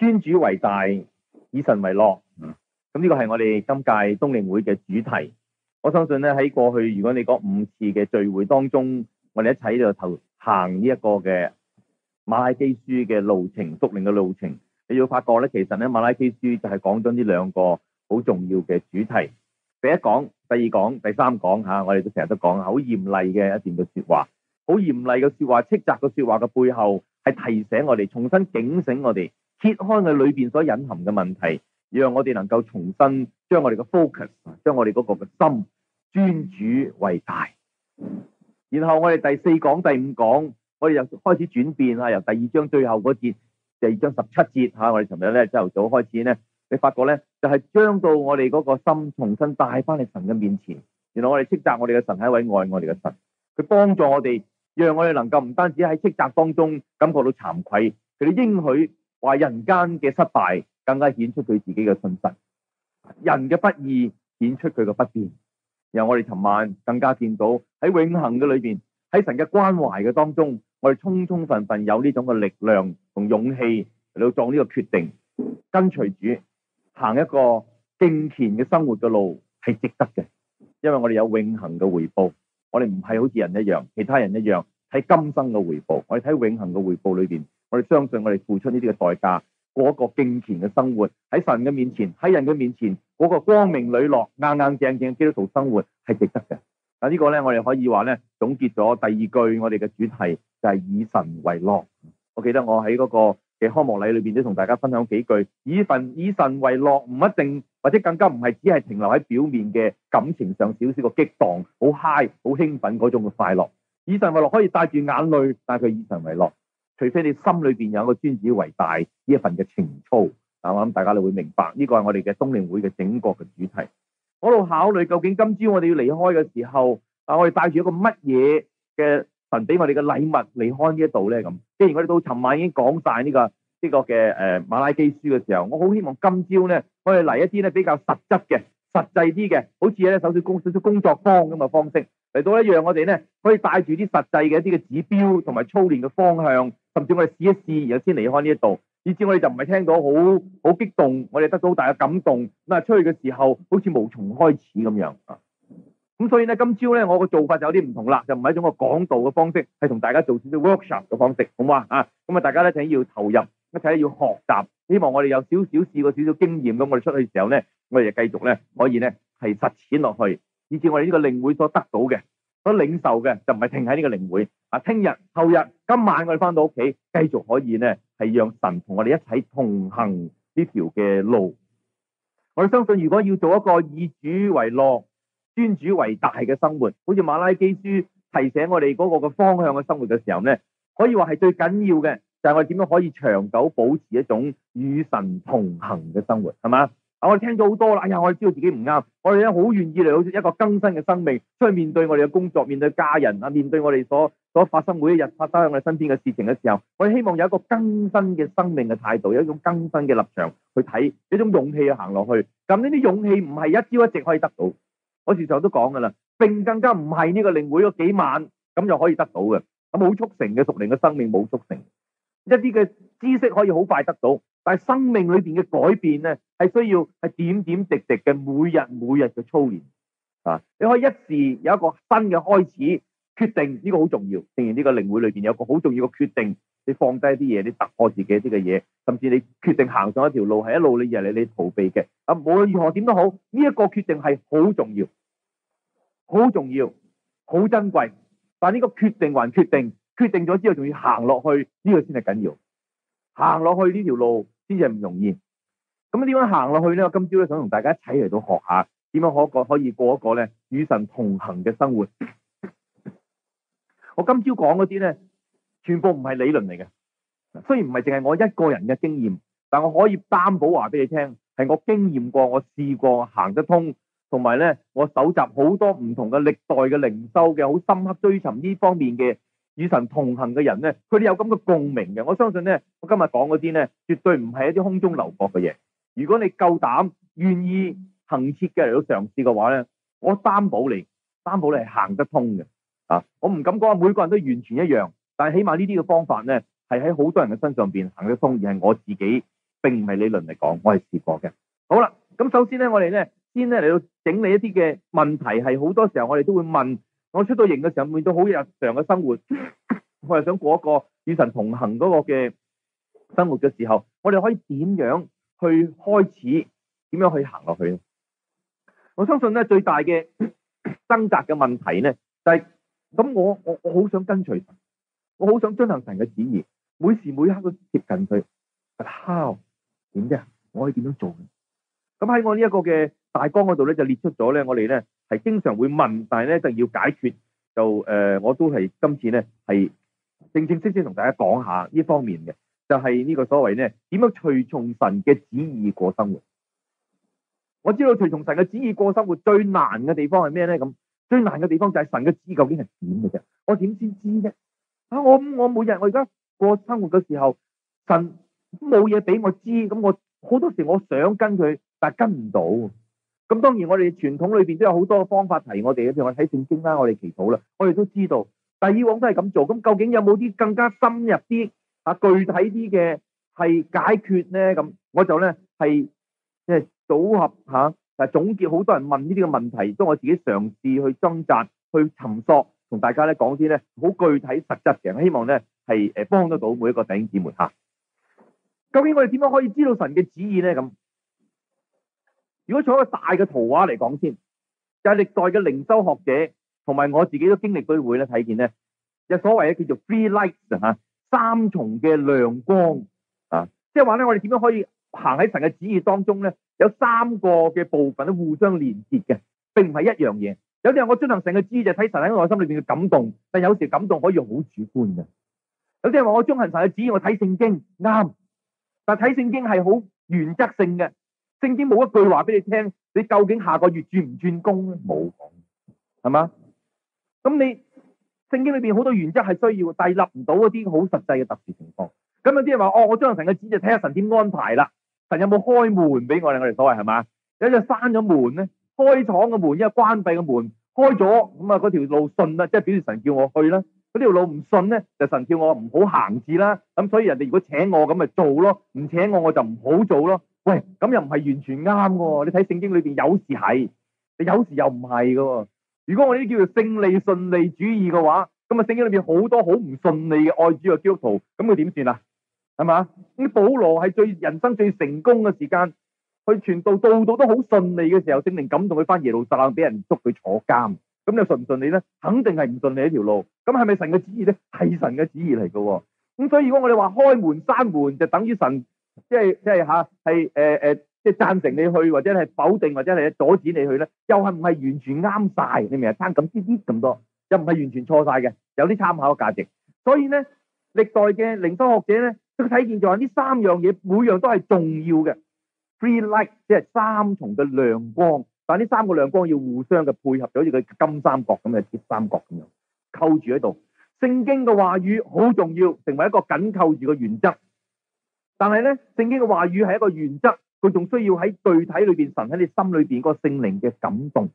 尊主為大，以神為樂。咁、嗯、呢個係我哋今屆冬令會嘅主題。我相信咧喺過去，如果你講五次嘅聚會當中，我哋一齊就頭行呢一個嘅馬拉基書嘅路程，屬靈嘅路程。你要發覺咧，其實咧馬拉基書就係講咗呢兩個好重要嘅主題。第一講，第二講，第三講嚇、啊，我哋都成日都講嚇，好嚴厲嘅一段嘅説話，好嚴厲嘅説話，斥責嘅説話嘅背後係提醒我哋，重新警醒我哋。揭開佢裏邊所隱含嘅問題，讓我哋能夠重新將我哋嘅 focus，將我哋嗰個嘅心尊主為大。然後我哋第四講、第五講，我哋又開始轉變啊，由第二章最後嗰節，第二章十七節吓，我哋尋日咧朝頭早開始咧，你發覺咧就係、是、將到我哋嗰個心重新帶翻去神嘅面前。然後我哋斥責我哋嘅神係一位愛我哋嘅神，佢幫助我哋，讓我哋能夠唔單止喺斥責當中感覺到慚愧，佢哋應許。話人間嘅失敗，更加顯出佢自己嘅信實；人嘅不義顯出佢嘅不變。然後我哋尋晚更加見到喺永恒嘅裏邊，喺神嘅關懷嘅當中，我哋充充分分有呢種嘅力量同勇氣嚟到做呢個決定，跟隨主行一個敬虔嘅生活嘅路係值得嘅，因為我哋有永恒嘅回報。我哋唔係好似人一樣，其他人一樣喺今生嘅回報，我哋喺永恒嘅回報裏邊。我哋相信，我哋付出呢啲嘅代價，過一個敬虔嘅生活，喺神嘅面前，喺人嘅面前，嗰個光明磊落、硬硬正正嘅基督徒生活係值得嘅。嗱呢個呢，我哋可以話呢，總結咗第二句我哋嘅主題就係、是、以神為樂。我記得我喺嗰個嘅開幕禮裏邊都同大家分享幾句：以神以神為樂，唔一定或者更加唔係只係停留喺表面嘅感情上少少嘅激蕩，好嗨，好興奮嗰種嘅快樂。以神為樂可以帶住眼淚，但係佢以神為樂。除非你心裏邊有一個尊主為大呢一份嘅情操，啊，我諗大家你會明白呢個係我哋嘅冬令會嘅整個嘅主題。我度考慮究竟今朝我哋要離開嘅時候，啊，我哋帶住一個乜嘢嘅神俾我哋嘅禮物離開這裡呢一度咧咁。既然我哋到尋晚已經講晒呢、這個呢、這個嘅誒馬拉基書嘅時候，我好希望今朝咧可以嚟一啲咧比較實質嘅、實際啲嘅，好似咧首首工首工作坊咁嘅方式嚟到一樣，一讓我哋咧可以帶住啲實際嘅一啲嘅指標同埋操練嘅方向。甚至我哋試一試，然後先離開呢一度，以至我哋就唔係聽到好好激動，我哋得到好大嘅感動。咁啊，出去嘅時候好似無從開始咁樣啊。咁所以咧，今朝咧，我嘅做法就有啲唔同啦，就唔係一種一個講道嘅方式，係同大家做少少 workshop 嘅方式，好唔好啊？啊，咁、嗯、啊，大家咧睇要投入，一齊要學習。希望我哋有少少試過少少經驗，咁我哋出去嘅時候咧，我哋就繼續咧可以咧係實踐落去。以至我哋呢個靈會所得到嘅，所領受嘅，就唔係停喺呢個靈會。啊！聽日、後日、今晚，我哋翻到屋企，繼續可以咧，係讓神同我哋一齊同行呢條嘅路。我哋相信，如果要做一個以主為樂、尊主為大嘅生活，好似馬拉基書提醒我哋嗰個嘅方向嘅生活嘅時候咧，可以話係最緊要嘅。就係我哋點樣可以長久保持一種與神同行嘅生活，係嘛？啊！我哋聽咗好多啦，哎呀，我哋知道自己唔啱，我哋咧好願意嚟，好似一個更新嘅生命，出去面對我哋嘅工作，面對家人啊，面對我哋所。所發生每一日發生喺我身邊嘅事情嘅時候，我希望有一個更新嘅生命嘅態度，有一種更新嘅立場去睇，一種勇氣去行落去。咁呢啲勇氣唔係一朝一夕可以得到。我時常都講噶啦，並更加唔係呢個領會咗幾晚咁就可以得到嘅。冇速成嘅屬靈嘅生命冇速成，一啲嘅知識可以好快得到，但係生命裏邊嘅改變呢，係需要係點點滴滴嘅每日每日嘅操練啊！你可以一時有一個新嘅開始。決定呢個好重要。正然呢個靈會裏邊有個好重要嘅決定，你放低啲嘢，你突破自己啲嘅嘢，甚至你決定行上一條路，係一路你日日你逃避嘅啊。無論如何點都好，呢一個決定係好重要，好重要，好珍貴。但呢個決定還決定，決定咗之後仲要行落去，呢個先係緊要。行落去呢條路先至係唔容易。咁點樣行落去呢？我今朝咧，想同大家一齊嚟到學下點樣可過可以過一個咧與神同行嘅生活。我今朝講嗰啲呢，全部唔係理論嚟嘅。雖然唔係淨係我一個人嘅經驗，但我可以擔保話俾你聽，係我經驗過、我試過行得通，同埋呢，我搜集好多唔同嘅歷代嘅靈修嘅好深刻追尋呢方面嘅與神同行嘅人呢，佢哋有咁嘅共鳴嘅。我相信呢，我今日講嗰啲呢，絕對唔係一啲空中樓閣嘅嘢。如果你夠膽願意行設嘅嚟到嘗試嘅話呢，我擔保你，擔保你係行得通嘅。啊！我唔敢講，每個人都完全一樣，但係起碼呢啲嘅方法咧，係喺好多人嘅身上邊行得通，而係我自己並唔係理論嚟講，我係試過嘅。好啦，咁首先咧，我哋咧先咧嚟到整理一啲嘅問題，係好多時候我哋都會問，我出到營嘅時候，面對好日常嘅生活，我係想過一個與神同行嗰個嘅生活嘅時候，我哋可以點樣去開始？點樣去行落去呢？我相信咧，最大嘅掙 扎嘅問題咧，就係、是。咁我我我好想跟隨神，我好想遵行神嘅旨意，每時每刻都接近佢。我 how 點啫？我可以點樣做嘅？咁喺我呢一個嘅大綱嗰度咧，就列出咗咧，我哋咧係經常會問，但係咧一定要解決，就誒、呃，我都係今次咧係正正式式同大家講下呢方面嘅，就係、是、呢個所謂咧點樣隨從神嘅旨意過生活。我知道隨從神嘅旨意過生活最難嘅地方係咩咧？咁。最難嘅地方就係神嘅知究竟係點嘅啫，我點先知啫？啊，我我每日我而家過生活嘅時候，神冇嘢俾我知，咁我好多時我想跟佢，但係跟唔到。咁當然我哋傳統裏邊都有好多方法提我哋，譬如我睇聖經啦，我哋祈禱啦，我哋都知道。但以往都係咁做，咁究竟有冇啲更加深入啲，啊具體啲嘅係解決呢？咁我就咧係即係組合下。但係總結好多人問呢啲嘅問題，都我自己嘗試去掙扎、去尋索，同大家咧講啲咧好具體、實質嘅，希望咧係誒幫得到每一個弟兄姊妹嚇。究竟我哋點樣可以知道神嘅旨意咧？咁，如果從一個大嘅圖畫嚟講先，就係歷代嘅靈修學者同埋我自己都經歷都會咧睇見咧，就所謂嘅叫做 three lights 嚇，三重嘅亮光啊，即係話咧我哋點樣可以行喺神嘅旨意當中咧？有三個嘅部分都互相連結嘅，並唔係一樣嘢。有啲人我張行神嘅旨意就睇神喺內心裏邊嘅感動，但有時感動可以好主觀嘅。有啲人話我張行神嘅旨意，我睇聖經啱，但睇聖經係好原則性嘅，聖經冇一句話俾你聽，你究竟下個月轉唔轉工咧？冇講，係嘛？咁你聖經裏邊好多原則係需要，但係立唔到一啲好實際嘅特別情況。咁有啲人話哦，我張行神嘅旨意，就睇下神點安排啦。神有冇開門俾我哋？我哋所謂係嘛？有陣閂咗門咧，開廠嘅門，一係關閉嘅門，開咗咁啊，嗰條路順啦，即係表示神叫我去啦。嗰條路唔順咧，就神叫我唔好行住啦。咁所以人哋如果請我咁咪做咯，唔請我我就唔好做咯。喂，咁又唔係完全啱嘅。你睇聖經裏邊有時係，有時又唔係嘅。如果我呢啲叫做勝利順利主義嘅話，咁啊聖經裏邊好多好唔順利嘅愛主嘅基督徒，咁佢點算啊？係嘛？啲保羅係最人生最成功嘅時間，佢全部道，道道都好順利嘅時候，聖靈感動佢翻耶路撒冷，俾人捉佢坐監。咁你順唔順利咧？肯定係唔順利一條路。咁係咪神嘅旨意咧？係神嘅旨意嚟嘅。咁所以如果我哋話開門閂門，就等於神，即係即係吓，係誒誒，即係贊成你去，或者係否定，或者係阻止你去咧，又係唔係完全啱晒？你明唔明啊？差啲啲咁多，又唔係完全錯晒嘅，有啲參考嘅價值。所以咧，歷代嘅靈修學者咧。佢睇見就係呢三樣嘢，每樣都係重要嘅。Free Light 即係三重嘅亮光，但係呢三個亮光要互相嘅配合，好似個金三角咁嘅、鐵三角咁樣扣住喺度。聖經嘅話語好重要，成為一個緊扣住嘅原則。但係咧，聖經嘅話語係一個原則，佢仲需要喺具體裏邊，神喺你心裏邊個聖靈嘅感動。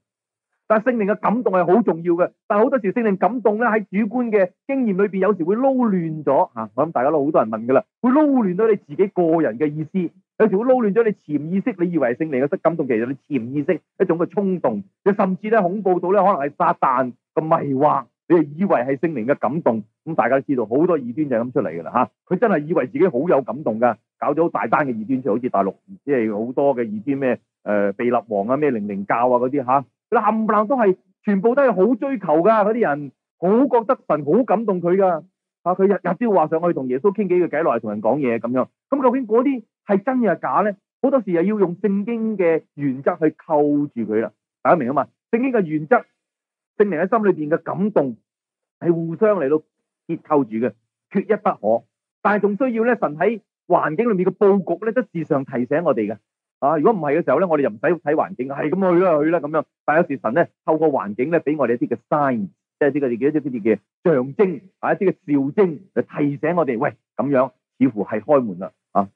但係聖靈嘅感動係好重要嘅，但係好多時聖靈感動咧喺主觀嘅經驗裏邊，有時會撈亂咗吓。我諗大家都好多人問噶啦，會撈亂咗你自己個人嘅意思，有時會撈亂咗你潛意識，你以為聖靈嘅感感動，其實你潛意識一種嘅衝動，你甚至咧恐怖到咧可能係撒旦嘅迷惑，你就以為係聖靈嘅感動。咁大家知道好多異端就係咁出嚟噶啦吓，佢真係以為自己好有感動噶，搞咗好大單嘅異端出嚟，好似大陸即係好多嘅異端咩誒，被、呃、立王啊，咩靈靈教啊嗰啲吓。那些冧冧都係，全部都係好追求噶，嗰啲人好覺得神好感動佢噶，啊，佢日日朝話想去同耶穌傾幾句偈，落嚟同人講嘢咁樣。咁究竟嗰啲係真嘅？係假咧？好多時又要用聖經嘅原則去扣住佢啦。大家明啊嘛？聖經嘅原則、聖靈喺心裏邊嘅感動係互相嚟到結扣住嘅，缺一不可。但係仲需要咧，神喺環境裏面嘅布局咧，都時常提醒我哋嘅。啊！如果唔係嘅時候咧，我哋就唔使睇環境，係咁去啦，去啦咁樣。但有時神咧透過環境咧，俾我哋一啲嘅 sign，即係一啲嘅幾多啲嘅象徵，或、啊、者一啲嘅兆徵就、啊、提醒我哋，喂，咁樣似乎係開門啦。啊，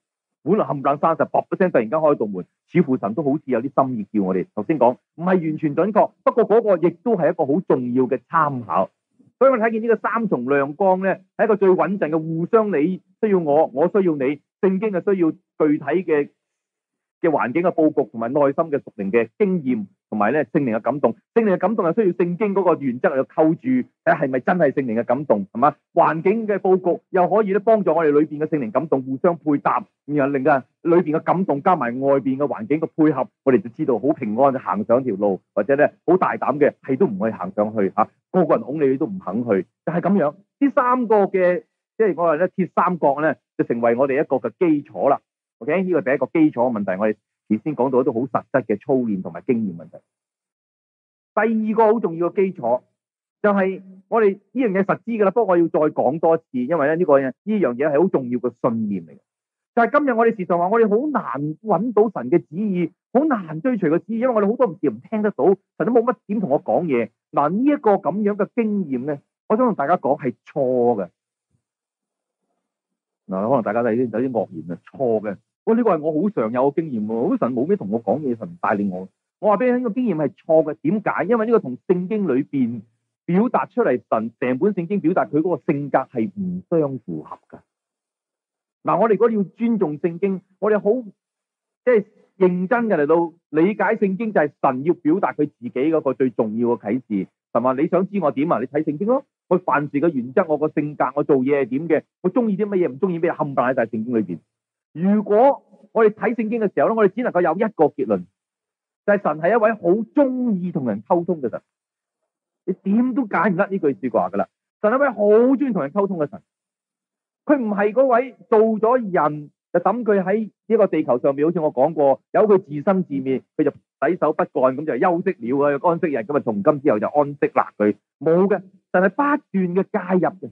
本來冚唪唥閂實，叭一聲突然間開道門，似乎神都好似有啲心意叫我哋頭先講，唔係完全準確，不過嗰個亦都係一個好重要嘅參考。所以我哋睇見呢個三重亮光咧，係一個最穩陣嘅，互相你需要我，我需要你，聖經係需要具體嘅。嘅環境嘅佈局同埋內心嘅屬靈嘅經驗，同埋咧聖靈嘅感動，聖靈嘅感動又需要聖經嗰個原則嚟到扣住，睇下係咪真係聖靈嘅感動，係嘛？環境嘅佈局又可以咧幫助我哋裏邊嘅聖靈感動互相配搭，然後令到啊裏邊嘅感動加埋外邊嘅環境嘅配合，我哋就知道好平安就行上條路，或者咧好大膽嘅係都唔可以行上去嚇、啊，個個人哄你你都唔肯去，就係、是、咁樣。呢三個嘅即係我哋咧鐵三角咧，就成為我哋一個嘅基礎啦。O K，呢個第一個基礎嘅問題，我哋事先講到一啲好實質嘅操練同埋經驗問題。第二個好重要嘅基礎就係、是、我哋呢樣嘢實知噶啦，不過我要再講多次，因為咧、這、呢個呢樣嘢係好重要嘅信念嚟。就係今日我哋時常話，我哋好難揾到神嘅旨意，好難追隨個旨意，因為我哋好多時唔聽得到，神都冇乜點同我講嘢。嗱，呢一個咁樣嘅經驗咧，我想同大家講係錯嘅。嗱，可能大家都有啲有啲愕然啊，錯嘅。哦這個、是我呢個係我好常有嘅經驗喎，好神冇咩同我講嘢，神唔帶領我。我話俾你聽，呢、這個經驗係錯嘅。點解？因為呢個同聖經裏邊表達出嚟神成本聖經表達佢嗰個性格係唔相符合噶。嗱、啊，我哋如果要尊重聖經，我哋好即係認真嘅嚟到理解聖經，就係神要表達佢自己嗰個最重要嘅啟示。神話你想知我點啊？你睇聖經咯。我凡事嘅原則，我個性格，我做嘢係點嘅，我中意啲乜嘢，唔中意咩，冚唪唥喺晒聖經裏邊。如果我哋睇聖經嘅時候咧，我哋只能夠有一個結論，就係神係一位好中意同人溝通嘅神，你點都解唔甩呢句說話噶啦。神係一位好中意同人溝通嘅神，佢唔係嗰位做咗人就等佢喺呢個地球上面，好似我講過，由佢自生自滅，佢就洗手不幹咁就休息了啊，安息日咁啊，從今之後就安息啦。佢冇嘅，神係不斷嘅介入嘅，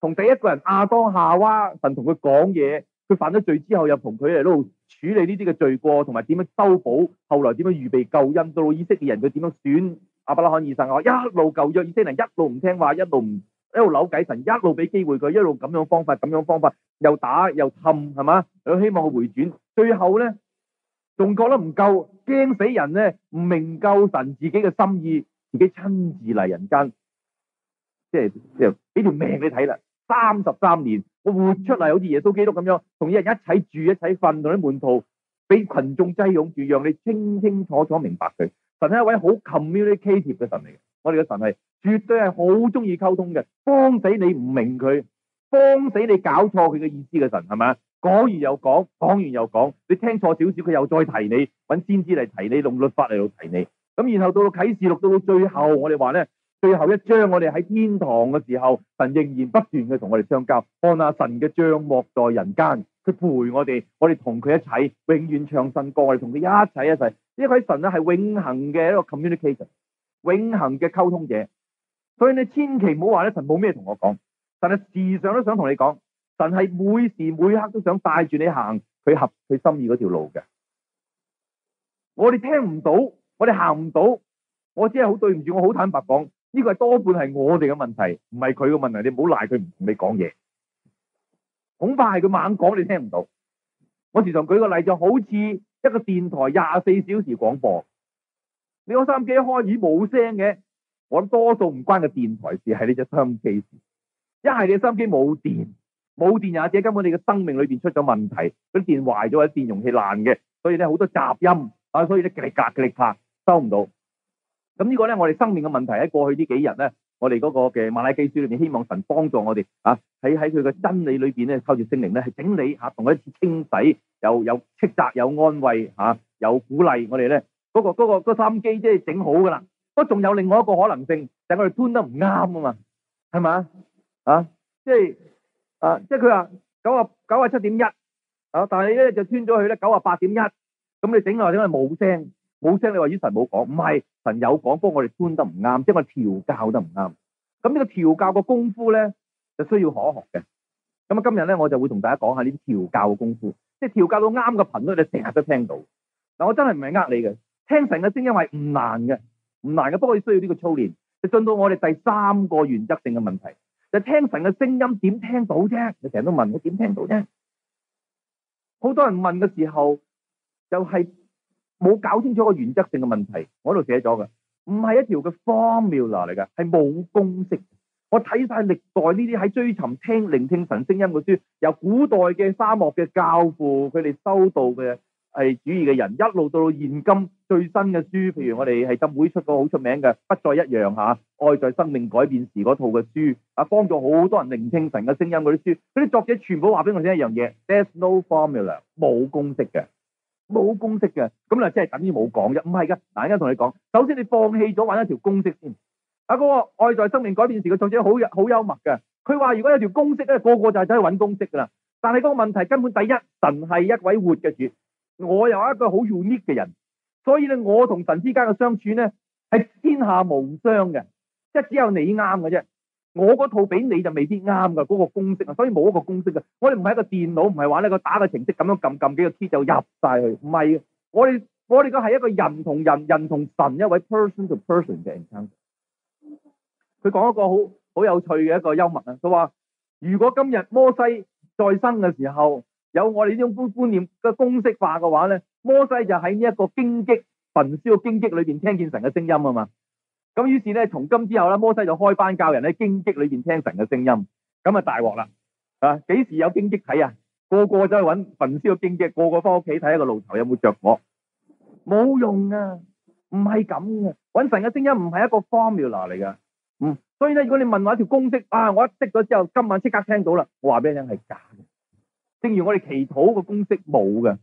同第一個人亞當夏娃，神同佢講嘢。佢犯咗罪之後，又同佢嚟到處理呢啲嘅罪過，同埋點樣修補，後來點樣預備救恩到以色列人，佢點樣選亞伯拉罕、以撒、雅各一路救約以色列人，一路唔聽話，一路唔喺度扭計神，一路俾機會佢，一路咁樣方法，咁樣方法又打又氹係嘛？佢希望佢回轉，最後咧仲覺得唔夠，驚死人咧，唔明救神自己嘅心意，自己親自嚟人間，即係即係俾條命你睇啦，三十三年。我活出嚟，好似耶穌基督咁樣，同啲人一齊住一齊瞓，同啲門徒俾群眾擠擁住，讓你清清楚楚明白佢。神係一位好 communicative 嘅神嚟嘅，我哋嘅神係絕對係好中意溝通嘅，幫死你唔明佢，幫死你搞錯佢嘅意思嘅神係咪啊？講完又講，講完又講，你聽錯少少，佢又再提你，搵先知嚟提你，用律法嚟到提你，咁然後到到啟示錄，到到最後，我哋話咧。最後一章我哋喺天堂嘅時候，神仍然不斷地同我哋相交。看下神嘅帳幕在人間，佢陪我哋，我哋同佢一齊，永遠唱神歌我哋同佢一齊一齊。因為神啊係永恆嘅一個 communication，永恆嘅溝通者。所以你千祈唔好話咧，神冇咩同我講，但係時常都想同你講。神係每時每刻都想帶住你行佢合佢心意嗰條路嘅。我哋聽唔到，我哋行唔到，我只係好對唔住，我好坦白講。呢個多半係我哋嘅問題，唔係佢嘅問題。你唔好賴佢唔同你講嘢，恐怕係佢猛講你聽唔到。我時常舉個例，就好似一個電台廿四小時廣播，你個收音機一開已冇聲嘅。我多數唔關個電台事，係呢隻收音機事。一係你收音機冇電，冇電或者根本你嘅生命裏邊出咗問題，嗰啲電壞咗或者電容器爛嘅，所以咧好多雜音啊，所以咧極力夾極力拍收唔到。咁呢個咧，我哋生命嘅問題喺過去幾呢幾日咧，我哋嗰個嘅瑪拉基書裏邊，希望神幫助我哋啊，喺喺佢嘅真理裏邊咧，靠住聖靈咧，係整理嚇，同、啊、一次清洗，又有斥責，有安慰嚇，有、啊、鼓勵我哋咧，嗰、那個嗰心機即係整好噶啦。不過仲有另外一個可能性，就係、是、我哋穿得唔啱啊嘛，係咪？啊？即係啊，即係佢話九啊九啊七點一啊，但係咧就穿咗去咧九啊八點一，咁你整落整落冇聲。冇聲，你話與神冇講，唔係神有講，幫我哋搬得唔啱，即係我調教得唔啱。咁呢個調教嘅功夫咧，就需要可學嘅。咁啊，今日咧我就會同大家講下呢啲調教嘅功夫，即係調教到啱嘅頻率，你成日都聽到嗱。但我真係唔係呃你嘅，聽神嘅聲音係唔難嘅，唔難嘅，不過需要呢個操練。就進到我哋第三個原則性嘅問題，就聽神嘅聲音點聽到啫？你成日都問我點聽到啫？好多人問嘅時候，又係。冇搞清楚個原則性嘅問題，我喺度寫咗嘅，唔係一條嘅 formula 嚟噶係冇公式。我睇晒歷代呢啲喺追尋聽聆聽神聲音嘅書，由古代嘅沙漠嘅教父，佢哋修道嘅係主義嘅人，一路到到現今最新嘅書，譬如我哋係浸會出過好出名嘅不再一樣吓，愛在生命改變時嗰套嘅書，啊幫助好多人聆聽神嘅聲音嗰啲書，嗰啲作者全部話俾我聽一樣嘢，There’s no formula，冇公式嘅。冇公式嘅，咁啊真係等於冇講啫。唔係噶，嗱，依家同你講，首先你放棄咗揾一條公式先。阿哥，哥，愛在生命改變時，個作者好好幽默嘅。佢話如果有條公式咧，個個就係走去搵公式噶啦。但係個問題根本第一，神係一位活嘅主，我又一個好 unique 嘅人，所以咧我同神之間嘅相處咧係天下無雙嘅，即係只有你啱嘅啫。我嗰套俾你就未必啱噶，嗰個公式啊，所以冇一個公式嘅。我哋唔係一個電腦，唔係話咧個打個程式咁樣撳撳幾個 key 就入晒去。唔係，我哋我哋個係一個人同人，人同神一位 person to person 嘅 encounter。佢講一個好好有趣嘅一個幽默啊！佢話：如果今日摩西再生嘅時候有我哋呢種觀觀念嘅公式化嘅話咧，摩西就喺呢一個荊棘焚燒嘅荊棘裏邊聽見神嘅聲音啊嘛。咁於是咧，從今之後呢，摩西就開班教人喺荊棘裏面聽神嘅聲音。咁啊大鑊啦，啊幾時有荊棘睇啊？個個走去揾焚燒嘅荊棘，個個翻屋企睇下個路頭有冇著火，冇用啊，唔係咁嘅。揾神嘅聲音唔係一個 formula 嚟㗎，嗯。所以咧，如果你問我一條公式啊，我一識咗之後，今晚即刻聽到啦，我話俾你聽係假嘅。正如我哋祈禱個公式冇㗎，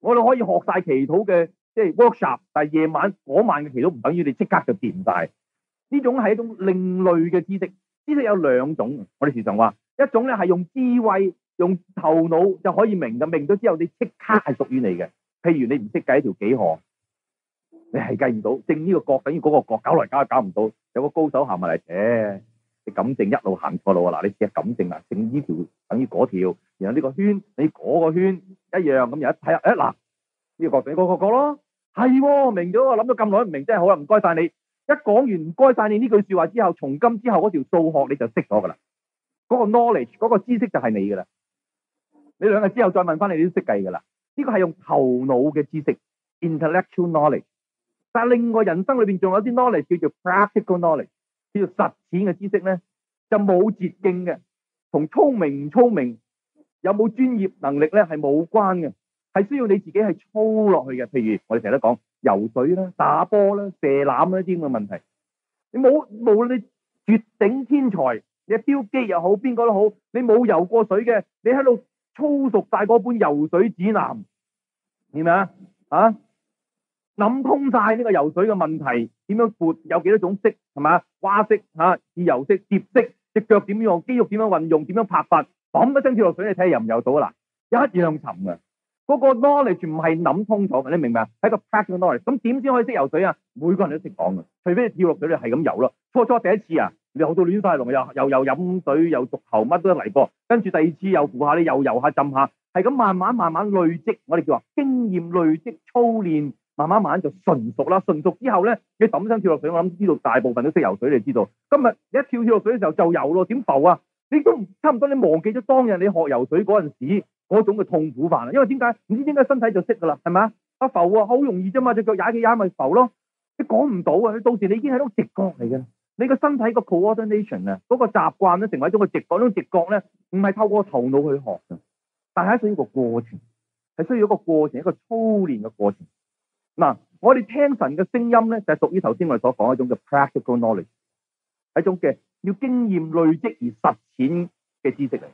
我哋可以學晒祈禱嘅。即係 workshop，但係夜晚嗰晚嘅祈禱都唔等於你即刻就掂晒。呢種係一種另類嘅知識，知識有兩種。我哋時常話，一種咧係用智慧、用頭腦就可以明嘅，明咗之後你即刻係屬於你嘅。譬如你唔識計條幾何，你係計唔到，正呢個角等於嗰個角，搞嚟搞去搞唔到。有個高手行埋嚟，誒、哎，你咁正一路行錯路啊！嗱，你只係咁正啊，正呢條等於嗰條，然後呢個圈你嗰個圈一樣咁，又一睇下誒嗱。哎看呢個你講講咯，係喎，明咗啊！諗咗咁耐唔明，真係好啦，唔該晒你。一講完唔該晒你呢句說話之後，從今之後嗰條數學你就識咗噶啦，嗰個 knowledge，嗰個知識就係你噶啦。你兩日之後再問翻你，你都識計噶啦。呢個係用頭腦嘅知識 （intellectual knowledge），但係另外人生裏邊仲有啲 knowledge 叫做 practical knowledge，叫做實踐嘅知識咧，就冇捷徑嘅，同聰明唔聰明，有冇專業能力咧係冇關嘅。係需要你自己係操落去嘅，譬如我哋成日都講游水啦、打波啦、射籃呢啲咁嘅問題，你冇冇你絕頂天才，你係標機又好，邊個都好，你冇游過水嘅，你喺度操熟晒嗰本游水指南，點啊啊諗通晒呢個游水嘅問題，點樣撥有幾多種式係嘛蛙式吓、自由式、蝶式，隻腳點樣用，肌肉點樣運用，點樣拍法，嘣一聲跳落水，你睇下游唔游到啊嗱，一樣沉嘅。嗰個 knowledge 唔係諗通咗嘅，你明唔明啊？係個 practical knowledge，咁點先可以識游水啊？每個人都識講嘅，除非你跳落水你係咁游咯。初初第一次啊，你學到亂晒龍，又又又飲水又濁喉，乜都嚟過。跟住第二次又扶下你，又游下浸下，係咁慢慢慢慢累積。我哋叫話經驗累積操練，慢慢慢、慢就純熟啦。純熟之後呢，你抌身跳落水，我諗知道大部分都識游水。你知道今日你一跳跳落水嘅時候就游咯，點浮啊？你都差唔多，你忘記咗當日你學游水嗰陣時。嗰種嘅痛苦犯，啦，因為點解唔知點解身體就識噶啦，係咪？啊浮啊，好容易啫嘛，隻腳踩幾踩咪浮咯。你講唔到啊，你到，到時你已經係一種直覺嚟嘅。你個身體個 coordination 啊，嗰個習慣咧成為一種嘅直覺，種直覺咧唔係透過個頭腦去學嘅，但係需要一個過程，係需要一個過程，一個操練嘅過程。嗱，我哋聽神嘅聲音咧，就係、是、屬於頭先我哋所講一種嘅 practical knowledge，係一種嘅要經驗累積而實踐嘅知識嚟。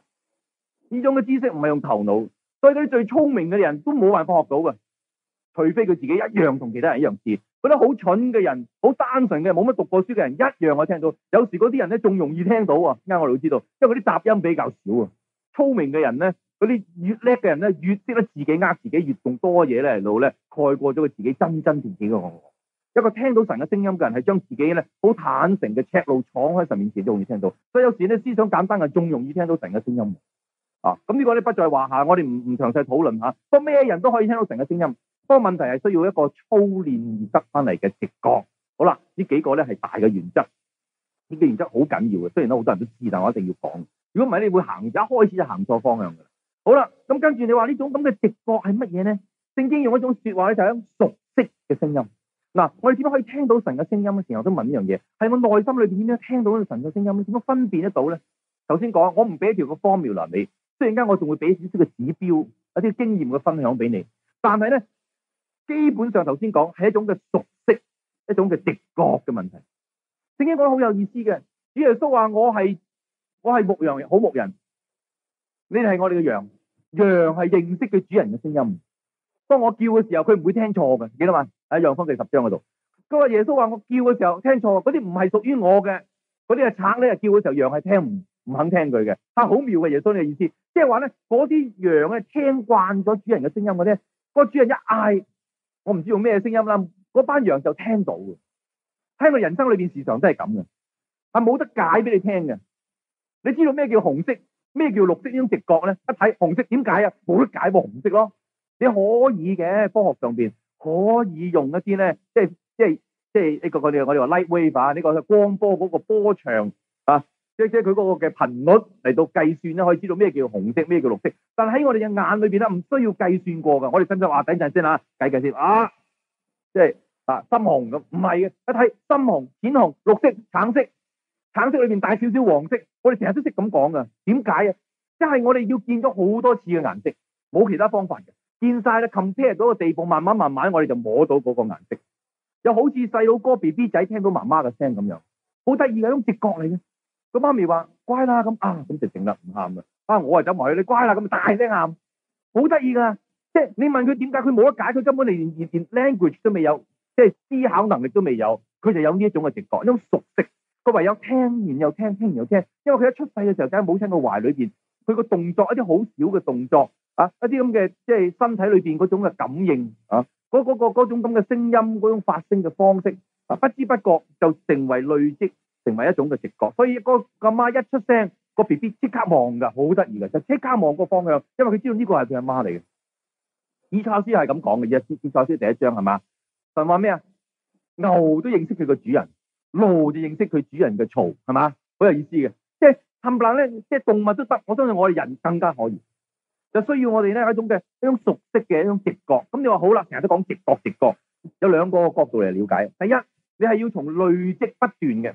呢種嘅知識唔係用頭腦，所以啲最聰明嘅人都冇辦法學到嘅，除非佢自己一樣同其他人一樣知，覺得好蠢嘅人、好單純嘅、冇乜讀過書嘅人一樣，我聽到。有時嗰啲人咧仲容易聽到啊，啱我老知道，因為嗰啲雜音比較少啊。聰明嘅人咧，嗰啲越叻嘅人咧，越識得自己呃自己，越動多嘢嚟到咧，蓋過咗佢自己真真正正嘅我。一個聽到神嘅聲音嘅人，係將自己咧好坦誠嘅赤路闖喺神面前，都容易聽到。所以有時咧思想簡單嘅仲容易聽到神嘅聲音。咁呢、啊、個咧不在話下，我哋唔唔詳細討論下，不過咩人都可以聽到神嘅聲音，不過問題係需要一個操練而得翻嚟嘅直覺。好啦，呢幾個咧係大嘅原則，呢、這個原則好緊要嘅。雖然咧好多人都知，但我一定要講。如果唔係，你會行一開始就行錯方向嘅。好啦，咁跟住你話呢種咁嘅直覺係乜嘢咧？聖經用一種說話咧，就係響熟悉嘅聲音。嗱、啊，我哋點樣可以聽到神嘅聲音嘅時候都問呢樣嘢，係我內心裏邊點樣聽到的神嘅聲音咧？點樣分辨得到咧？首先講，我唔俾一條個 formula 你。突然間，我仲會俾啲啲嘅指標、有一啲經驗嘅分享俾你。但係咧，基本上頭先講係一種嘅熟悉、一種嘅直覺嘅問題。聖經講得好有意思嘅，主耶穌話：我係我係牧羊人，好牧人。你哋係我哋嘅羊，羊係認識佢主人嘅聲音。當我叫嘅時候，佢唔會聽錯嘅。記得嘛喺《約翰福音》第十章嗰度。佢話耶穌話：我叫嘅時候聽錯，嗰啲唔係屬於我嘅，嗰啲係賊咧。叫嘅時候，不是時候羊係聽唔唔肯聽佢嘅。啊，好妙嘅耶穌呢個意思。即係話咧，嗰啲羊咧聽慣咗主人嘅聲音嘅咧，個主人一嗌，我唔知用咩聲音啦，嗰班羊就聽到嘅。喺我人生裏邊時常都係咁嘅，係冇得解俾你聽嘅。你知道咩叫紅色、咩叫綠色呢種直覺咧？一睇紅色，點解啊？冇得解紅色咯。你可以嘅，科學上邊可以用一啲咧，即係即係即係呢個我哋我哋話 light wave 啊，呢個光波嗰個波長。即係佢嗰個嘅頻率嚟到計算啦，可以知道咩叫紅色，咩叫綠色。但係喺我哋嘅眼裏邊咧，唔需要計算過嘅。我哋真心話，等陣先啦，計計先啊。即係啊，深紅咁，唔係嘅。一睇深紅、淺紅、綠色、橙色、橙色裏邊帶少少黃色，我哋成日都識咁講嘅。點解啊？即係我哋要見咗好多次嘅顏色，冇其他方法嘅，見晒啦 condition 到嘅地步，慢慢慢慢，我哋就摸到嗰個顏色。就好似細佬哥 B B 仔聽到媽媽嘅聲咁樣，好得意嘅一種直覺嚟嘅。個媽咪話：乖啦咁啊，咁就靜啦，唔喊啦。啊，我啊走埋去，你乖啦咁，大聲喊，好得意噶。即係你問佢點解，佢冇得解，佢根本連連連 language 都未有，即係思考能力都未有，佢就有呢一種嘅直覺，一種熟悉。佢唯有聽完又聽，聽完又聽，因為佢一出世嘅時候，就喺母親嘅懷裏邊，佢個動作一啲好小嘅動作啊，一啲咁嘅即係身體裏邊嗰種嘅感應啊，嗰嗰個嗰種咁嘅聲音嗰種發聲嘅方式啊，不知不覺就成為累積。成為一種嘅直覺，所以個阿媽一出聲，個 BB 即刻望噶，好得意噶，即即刻望個方向，因為佢知道呢個係佢阿媽嚟嘅。以賽亞書係咁講嘅，以賽亞書第一章係嘛？神話咩啊？牛都認識佢個主人，驢就認識佢主人嘅槽，係嘛？好有意思嘅，即係冚唪唥咧，即係動物都得，我相信我哋人更加可以，就需要我哋咧一種嘅一種熟悉嘅一種直覺。咁你話好啦，成日都講直覺，直覺有兩個角度嚟了解。第一，你係要從累積不斷嘅。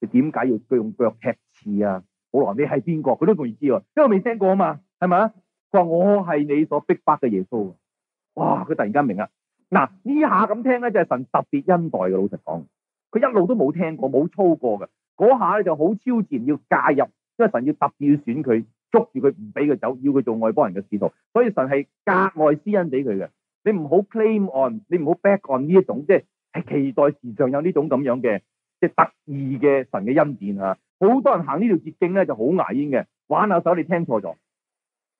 你點解要用腳踢刺啊？保羅，你係邊個？佢都仲易知喎，因為我未聽過啊嘛，係嘛？佢話我係你所逼迫嘅耶穌。哇！佢突然間明啦。嗱呢下咁聽咧，就係神特別恩待嘅。老實講，佢一路都冇聽過，冇操過嘅。嗰下咧就好超前，要介入，因為神要特別要選佢，捉住佢唔俾佢走，要佢做外邦人嘅使徒。所以神係格外施恩俾佢嘅。你唔好 claim on，你唔好 back on 呢一種，即係期待時常有呢種咁樣嘅。即係特意嘅神嘅恩典啊！好多人行呢條捷徑咧，就好牙煙嘅。玩下手，你聽錯咗。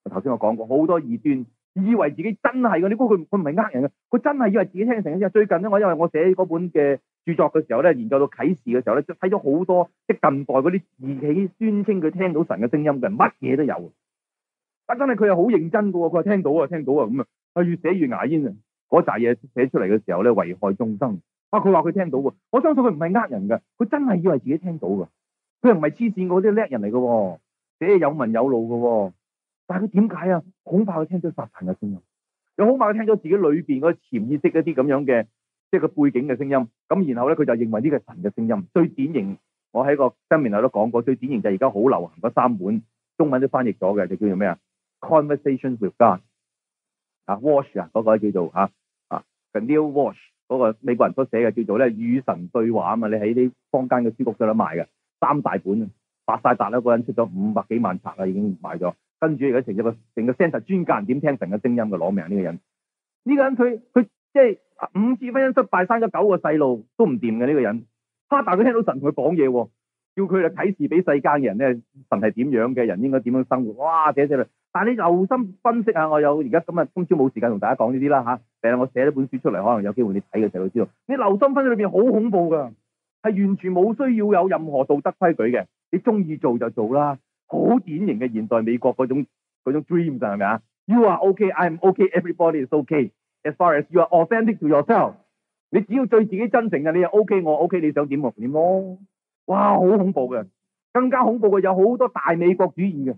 頭先我講過好多異端，以為自己真係嗰啲。估佢佢唔係呃人嘅，佢真係以為自己聽成嘅。最近咧，我因為我寫嗰本嘅著作嘅時候咧，研究到啟示嘅時候咧，就睇咗好多即係近代嗰啲自己宣稱佢聽到神嘅聲音嘅，乜嘢都有。但真係佢又好認真嘅喎，佢話聽到啊，聽到啊咁啊。佢越寫越牙煙啊，嗰扎嘢寫出嚟嘅時候咧，危害眾生。啊！佢話佢聽到喎，我相信佢唔係呃人嘅，佢真係以為自己聽到嘅。佢又唔係黐線嗰啲叻人嚟嘅喎，即係有文有腦嘅喎。但係佢點解啊？恐怕佢聽到發神嘅聲音，又恐怕佢聽到自己裏邊嗰潛意識一啲咁樣嘅，即係個背景嘅聲音。咁然後咧，佢就認為呢個神嘅聲音。最典型，我喺個 seminar 都講過，最典型就係而家好流行嗰三本中文都翻譯咗嘅，就叫做咩啊？Conversations with God 啊，Wash 啊，嗰個叫做嚇啊 New Wash。嗰個美國人都寫嘅叫做咧與神對話啊嘛，你喺啲坊間嘅書局上有得賣嘅，三大本，發晒達啦，個人出咗五百幾萬冊啦，已經賣咗，跟住而家成咗、這個成個聖神專家，點聽神嘅聲音嘅攞命呢個人？呢、這個人佢佢即係五次婚姻失敗，生咗九個細路都唔掂嘅呢個人，哈！但係佢聽到神同佢講嘢喎，叫佢嚟啟示俾世間嘅人咧，神係點樣嘅人應該點樣生活，哇！寫寫嚟，但係你留心分析下，我有而家咁啊，今朝冇時間同大家講呢啲啦嚇。我寫咗本書出嚟，可能有機會你睇嘅時候就知道，你留心返裏邊好恐怖噶，係完全冇需要有任何道德規矩嘅，你中意做就做啦，好典型嘅現代美國嗰種嗰種 dream 就係咪啊？You are OK, I'm OK, everybody is OK. As far as you are authentic to yourself，你只要對自己真誠嘅，你又 OK 我 OK，你想點就點咯。哇，好恐怖嘅，更加恐怖嘅有好多大美國主義嘅。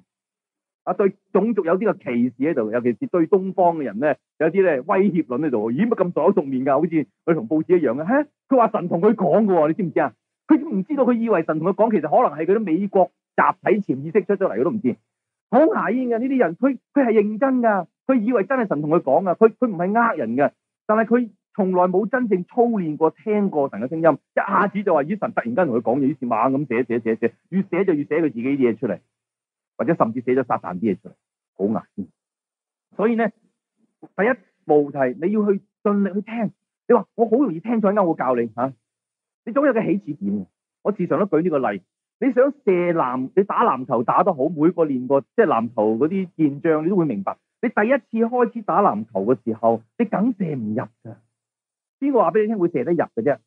對種族有啲嘅歧視喺度，尤其是對東方嘅人咧，有啲咧威脅論喺度。咦乜咁熟口熟面噶？好似佢同報紙一樣嘅。吓，佢話神同佢講嘅，你知唔知啊？佢唔知道，佢以為神同佢講，其實可能係嗰啲美國集體潛意識出咗嚟，佢都唔知。好牙煙嘅呢啲人，佢佢係認真噶，佢以為真係神同佢講啊。佢佢唔係呃人嘅，但係佢從來冇真正操練過聽過神嘅聲音，一下子就話咦神突然間同佢講嘢，於是猛咁寫寫寫寫，越寫，寫，寫，寫，寫，寫，寫，寫，寫就越寫佢自己啲嘢出嚟。或者甚至寫咗撒旦」啲嘢出嚟，好難。所以咧，第一步就係你要去盡力去聽。你話我好容易聽咗啱我教你吓、啊，你總有個起始點。我時常都舉呢個例，你想射籃，你打籃球打得好，每個練過即係、就是、籃球嗰啲健將，你都會明白。你第一次開始打籃球嘅時候，你梗射唔入噶。邊個話俾你聽會射得入嘅啫？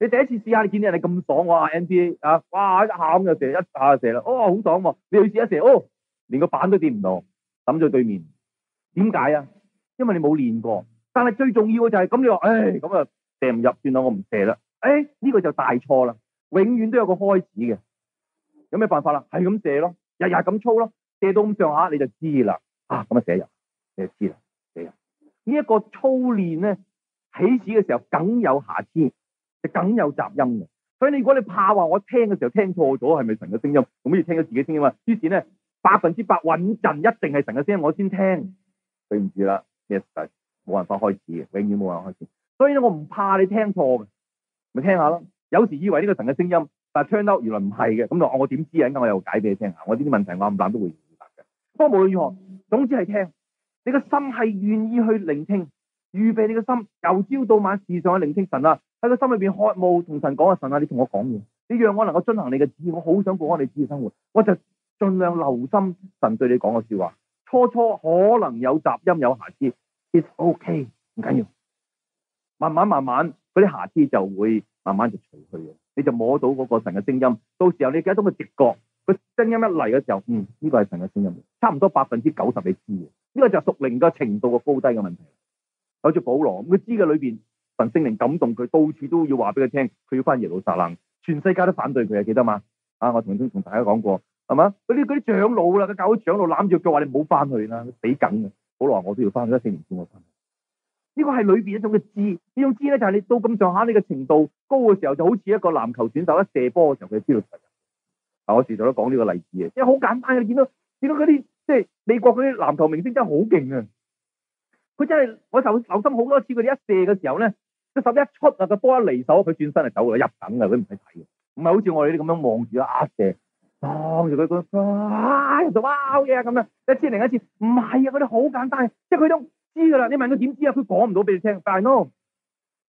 你第一次試一下，你見啲人哋咁爽、啊，哇！NBA 啊，哇一下咁就射，一,一下就射啦，哦好爽喎！你去試一射，哦，、啊、射哦連個板都掂唔到，抌咗對面。點解啊？因為你冇練過。但係最重要嘅就係、是、咁，你話唉咁啊射唔入，算啦，我唔射啦。哎，呢、這個就大錯啦，永遠都有個開始嘅。有咩辦法啦、啊？係咁射咯，日日咁操咯，射到咁上下你就知啦。啊咁啊射入，你就知啦，射入、這個、呢一個操練咧，起始嘅時候梗有瑕疵。就梗有雜音嘅，所以你如果你怕話我聽嘅時候聽錯咗，係咪神嘅聲音？咁不如聽咗自己聲音啊！於是呢是咧百分之百穩陣，穩陣一定係神嘅聲音，我先聽，對唔住啦，其實，冇辦法開始嘅，永遠冇辦法開始。所以咧，我唔怕你聽錯嘅，咪聽下咯。有時以為呢個神嘅聲音，但係 turn out，原來唔係嘅，咁就哦，我點知啊？咁我又解俾你聽下。我呢啲問題我唔但都會明白嘅，不過無論如何，總之係聽，你個心係願意去聆聽，預備你個心由朝到晚時上去聆聽神啊！喺個心裏邊渴慕，同神講啊，神啊，你同我講嘢，你讓我能夠遵行你嘅旨意，我好想過按你旨意生活，我就盡量留心神對你講嘅說話。初初可能有雜音，有瑕疵，it's ok 唔緊要，慢慢慢慢嗰啲瑕疵就會慢慢就除去嘅，你就摸到嗰個神嘅聲音。到時候你記得到個直覺，個聲音一嚟嘅時候，嗯，呢個係神嘅聲音，差唔多百分之九十你知，呢個就係屬靈嘅程度嘅高低嘅問題。好似保羅咁，佢知嘅裏邊。份聖靈感動佢，佢到處都要話俾佢聽，佢要翻耶路撒冷，全世界都反對佢啊！記得嘛？啊，我同同大家講過，係嘛？啲啲長老啦，個教會長老攬住佢話，你唔好翻去啦，死梗嘅！好耐我都我也要翻，一四年先我翻。呢個係裏邊一種嘅知，呢種知咧就係、是、你到咁上下，你嘅程度高嘅時候，就好似一個籃球選手一射波嘅時候，佢知道實。我時常都講呢個例子嘅，因為好簡單，你見到見到嗰啲即係美國嗰啲籃球明星真係好勁啊！佢真係我留留心好多次，佢哋一射嘅時候咧。即係手一出啊，個波一離手，佢轉身就走啦，入等啊。佢唔使睇嘅，唔係好似我哋啲咁樣望住啊阿射，望住佢嗰個啊，又做包嘢啊咁樣，一千零一次，唔係啊，佢啲好簡單即係佢都知噶啦，你問佢點知啊？佢講唔到俾你聽，但係 no，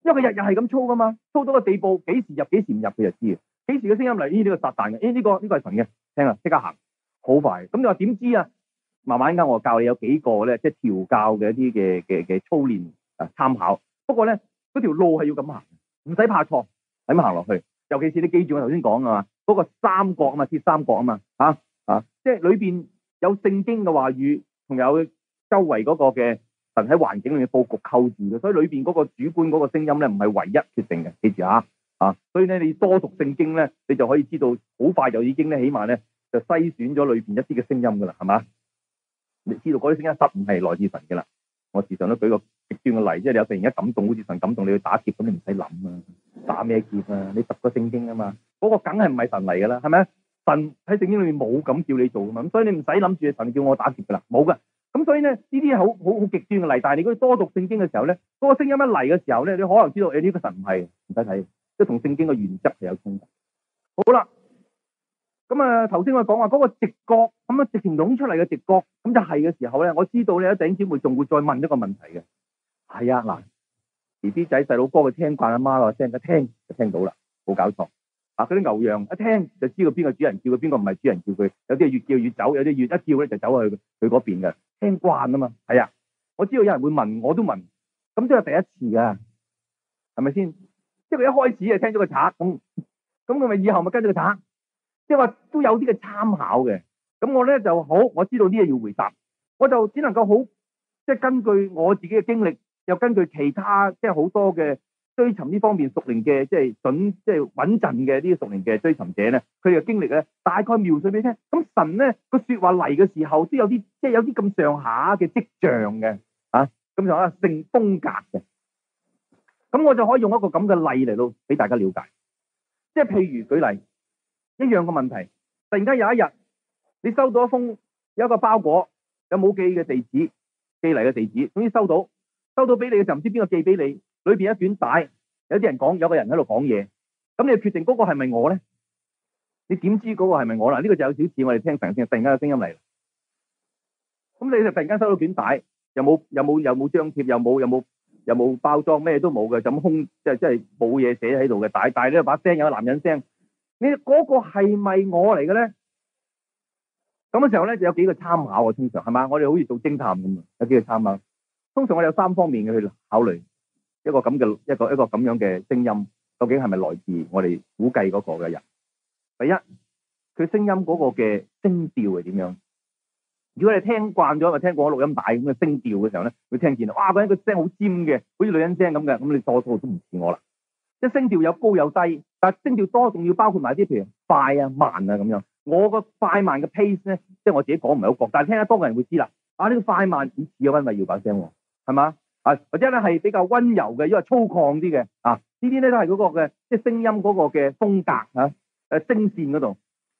因為佢日日係咁操噶嘛，操到個地步，幾時入幾時唔入，佢就知嘅，幾時嘅聲音嚟，呢啲係撒旦嘅，咦，呢個呢個係神嘅，聽啊，即刻行，好快，咁你話點知啊？慢慢間我教你有幾個咧，即係調教嘅一啲嘅嘅嘅操練啊，參考，不過咧。嗰條路係要咁行，唔使怕錯，喺咁行落去。尤其是你記住我頭先講嘅嘛，嗰個三角啊嘛，鐵三角啊嘛，嚇、啊、嚇，即係裏邊有聖經嘅話語，同有周圍嗰個嘅神喺環境裏面佈局構住嘅，所以裏邊嗰個主觀嗰個聲音咧，唔係唯一決定嘅。記住啊，啊，所以咧你多讀聖經咧，你就可以知道，好快就已經咧，起碼咧就篩選咗裏邊一啲嘅聲音㗎啦，係嘛？你知道嗰啲聲音實唔係來自神嘅啦。我時常都舉個。轉個例，即係有突然間感動，好似神感動你去打劫咁，你唔使諗啊，打咩劫啊？你讀過聖經噶嘛？嗰個梗係唔係神嚟噶啦，係咪？神喺聖經裏面冇咁叫你做噶嘛，咁所以你唔使諗住神叫我打劫噶啦，冇噶。咁所以咧，呢啲好好好極端嘅例，但係你如果你多讀聖經嘅時候咧，嗰個聲音一嚟嘅時候咧，你可能知道誒，呢個神唔係，唔使睇，即係同聖經嘅原則係有衝突。好啦，咁啊頭先我講話嗰個直覺，咁啊直情湧出嚟嘅直覺，咁就係嘅時候咧，我知道弟兄姊妹仲會再問一個問題嘅。係啊，嗱，B B 仔細佬哥佢聽慣阿媽個聲，一聽就聽到啦，冇搞錯。啊，嗰啲牛羊一聽就知道邊個主人叫佢，邊個唔係主人叫佢。有啲越叫越走，有啲越一叫咧就走去佢嗰邊嘅，聽慣啊嘛。係啊，我知道有人會問，我都問，咁都有第一次噶，係咪先？即係佢一開始就聽咗個賊咁，咁佢咪以後咪跟咗個賊，即係話都有啲嘅參考嘅。咁我咧就好，我知道呢嘢要回答，我就只能夠好，即係根據我自己嘅經歷。又根據其他，即係好多嘅追尋呢方面熟練嘅，即係準，即係穩陣嘅呢啲熟練嘅追尋者咧，佢哋嘅經歷咧，大概描述俾你聽。咁神咧個説話嚟嘅時候，都有啲即係有啲咁上下嘅跡象嘅嚇。咁就啊，定風格嘅，聖風格嘅。咁我就可以用一個咁嘅例嚟到俾大家了解，即係譬如舉例一樣嘅問題。突然間有一日，你收到一封，有一個包裹，有冇寄嘅地址？寄嚟嘅地址，總之收到。收到俾你嘅就唔知邊個寄俾你，裏邊一卷帶，有啲人講有個人喺度講嘢，咁你決定嗰個係咪我咧？你點知嗰個係咪我啦？呢個就有少少似我哋聽成先，突然間嘅聲音嚟。咁你就突然間收到卷帶，又冇又冇又冇張貼，又冇又冇又冇包裝，咩都冇嘅，就咁空，即係即係冇嘢寫喺度嘅帶，但係咧把聲有一個男人聲，你嗰個係咪我嚟嘅咧？咁嘅時候咧就有幾個參考嘅，通常係嘛？我哋好似做偵探咁，有幾個參考。通常我有三方面嘅，去考慮一個咁嘅一個一個咁樣嘅聲音，究竟係咪來自我哋估計嗰個嘅人？第一，佢聲音嗰個嘅聲調係點樣？如果你聽慣咗，咪聽過錄音帶咁嘅聲調嘅時候咧，會聽見哇，嗰人個聲好尖嘅，好似女人聲咁嘅。咁你多數都唔似我啦。即係聲調有高有低，但係聲調多，仲要包括埋啲譬如快啊、慢啊咁樣。我個快慢嘅 pace 咧，即係我自己講唔係好覺，但係聽得多嘅人會知啦。啊，呢個快慢似唔似阿溫偉耀把聲？係嘛啊？或者咧係比較温柔嘅，亦或粗獷啲嘅啊？這呢啲咧都係嗰、嗰個嘅，即係聲音嗰個嘅風格啊，誒聲線嗰度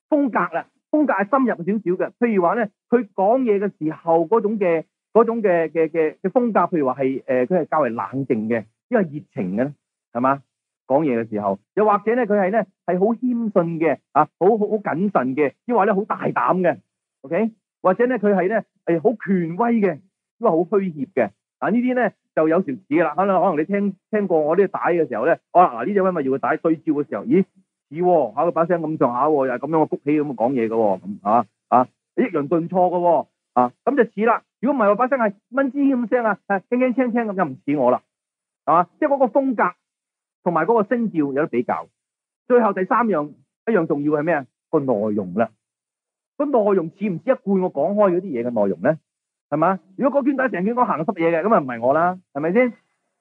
風格啦。風格係深入少少嘅。譬如說呢，佢話咧，佢講嘢嘅時候嗰種嘅嗰種嘅嘅嘅嘅風格，譬如話係誒佢係較為冷靜嘅，亦或熱情嘅咧，係嘛？講嘢嘅時候，又或者咧佢係咧係好謙遜嘅啊，好好好謹慎嘅，亦或咧好大膽嘅，OK？或者咧佢係咧誒好權威嘅，亦或好詼諧嘅。嗱呢啲咧就有時似啦，可能可能你聽聽過我呢個帶嘅時候咧，我話嗱呢隻溫偉耀嘅帶對照嘅時候，咦似喎嚇個把聲咁上下喎，又咁樣個谷氣咁講嘢嘅喎，咁嚇嚇，抑揚頓挫嘅喎，咁就似啦。如果唔係我把聲係蚊滋咁聲啊，輕輕輕輕咁就唔似我啦，係嘛？即係嗰個風格同埋嗰個聲調有得比較。最後第三樣一樣重要嘅係咩啊？個內容啦，個內容似唔似一貫我講開嗰啲嘢嘅內容咧？係嘛？如果嗰卷帶成圈我行濕嘢嘅，咁啊唔係我啦，係咪先？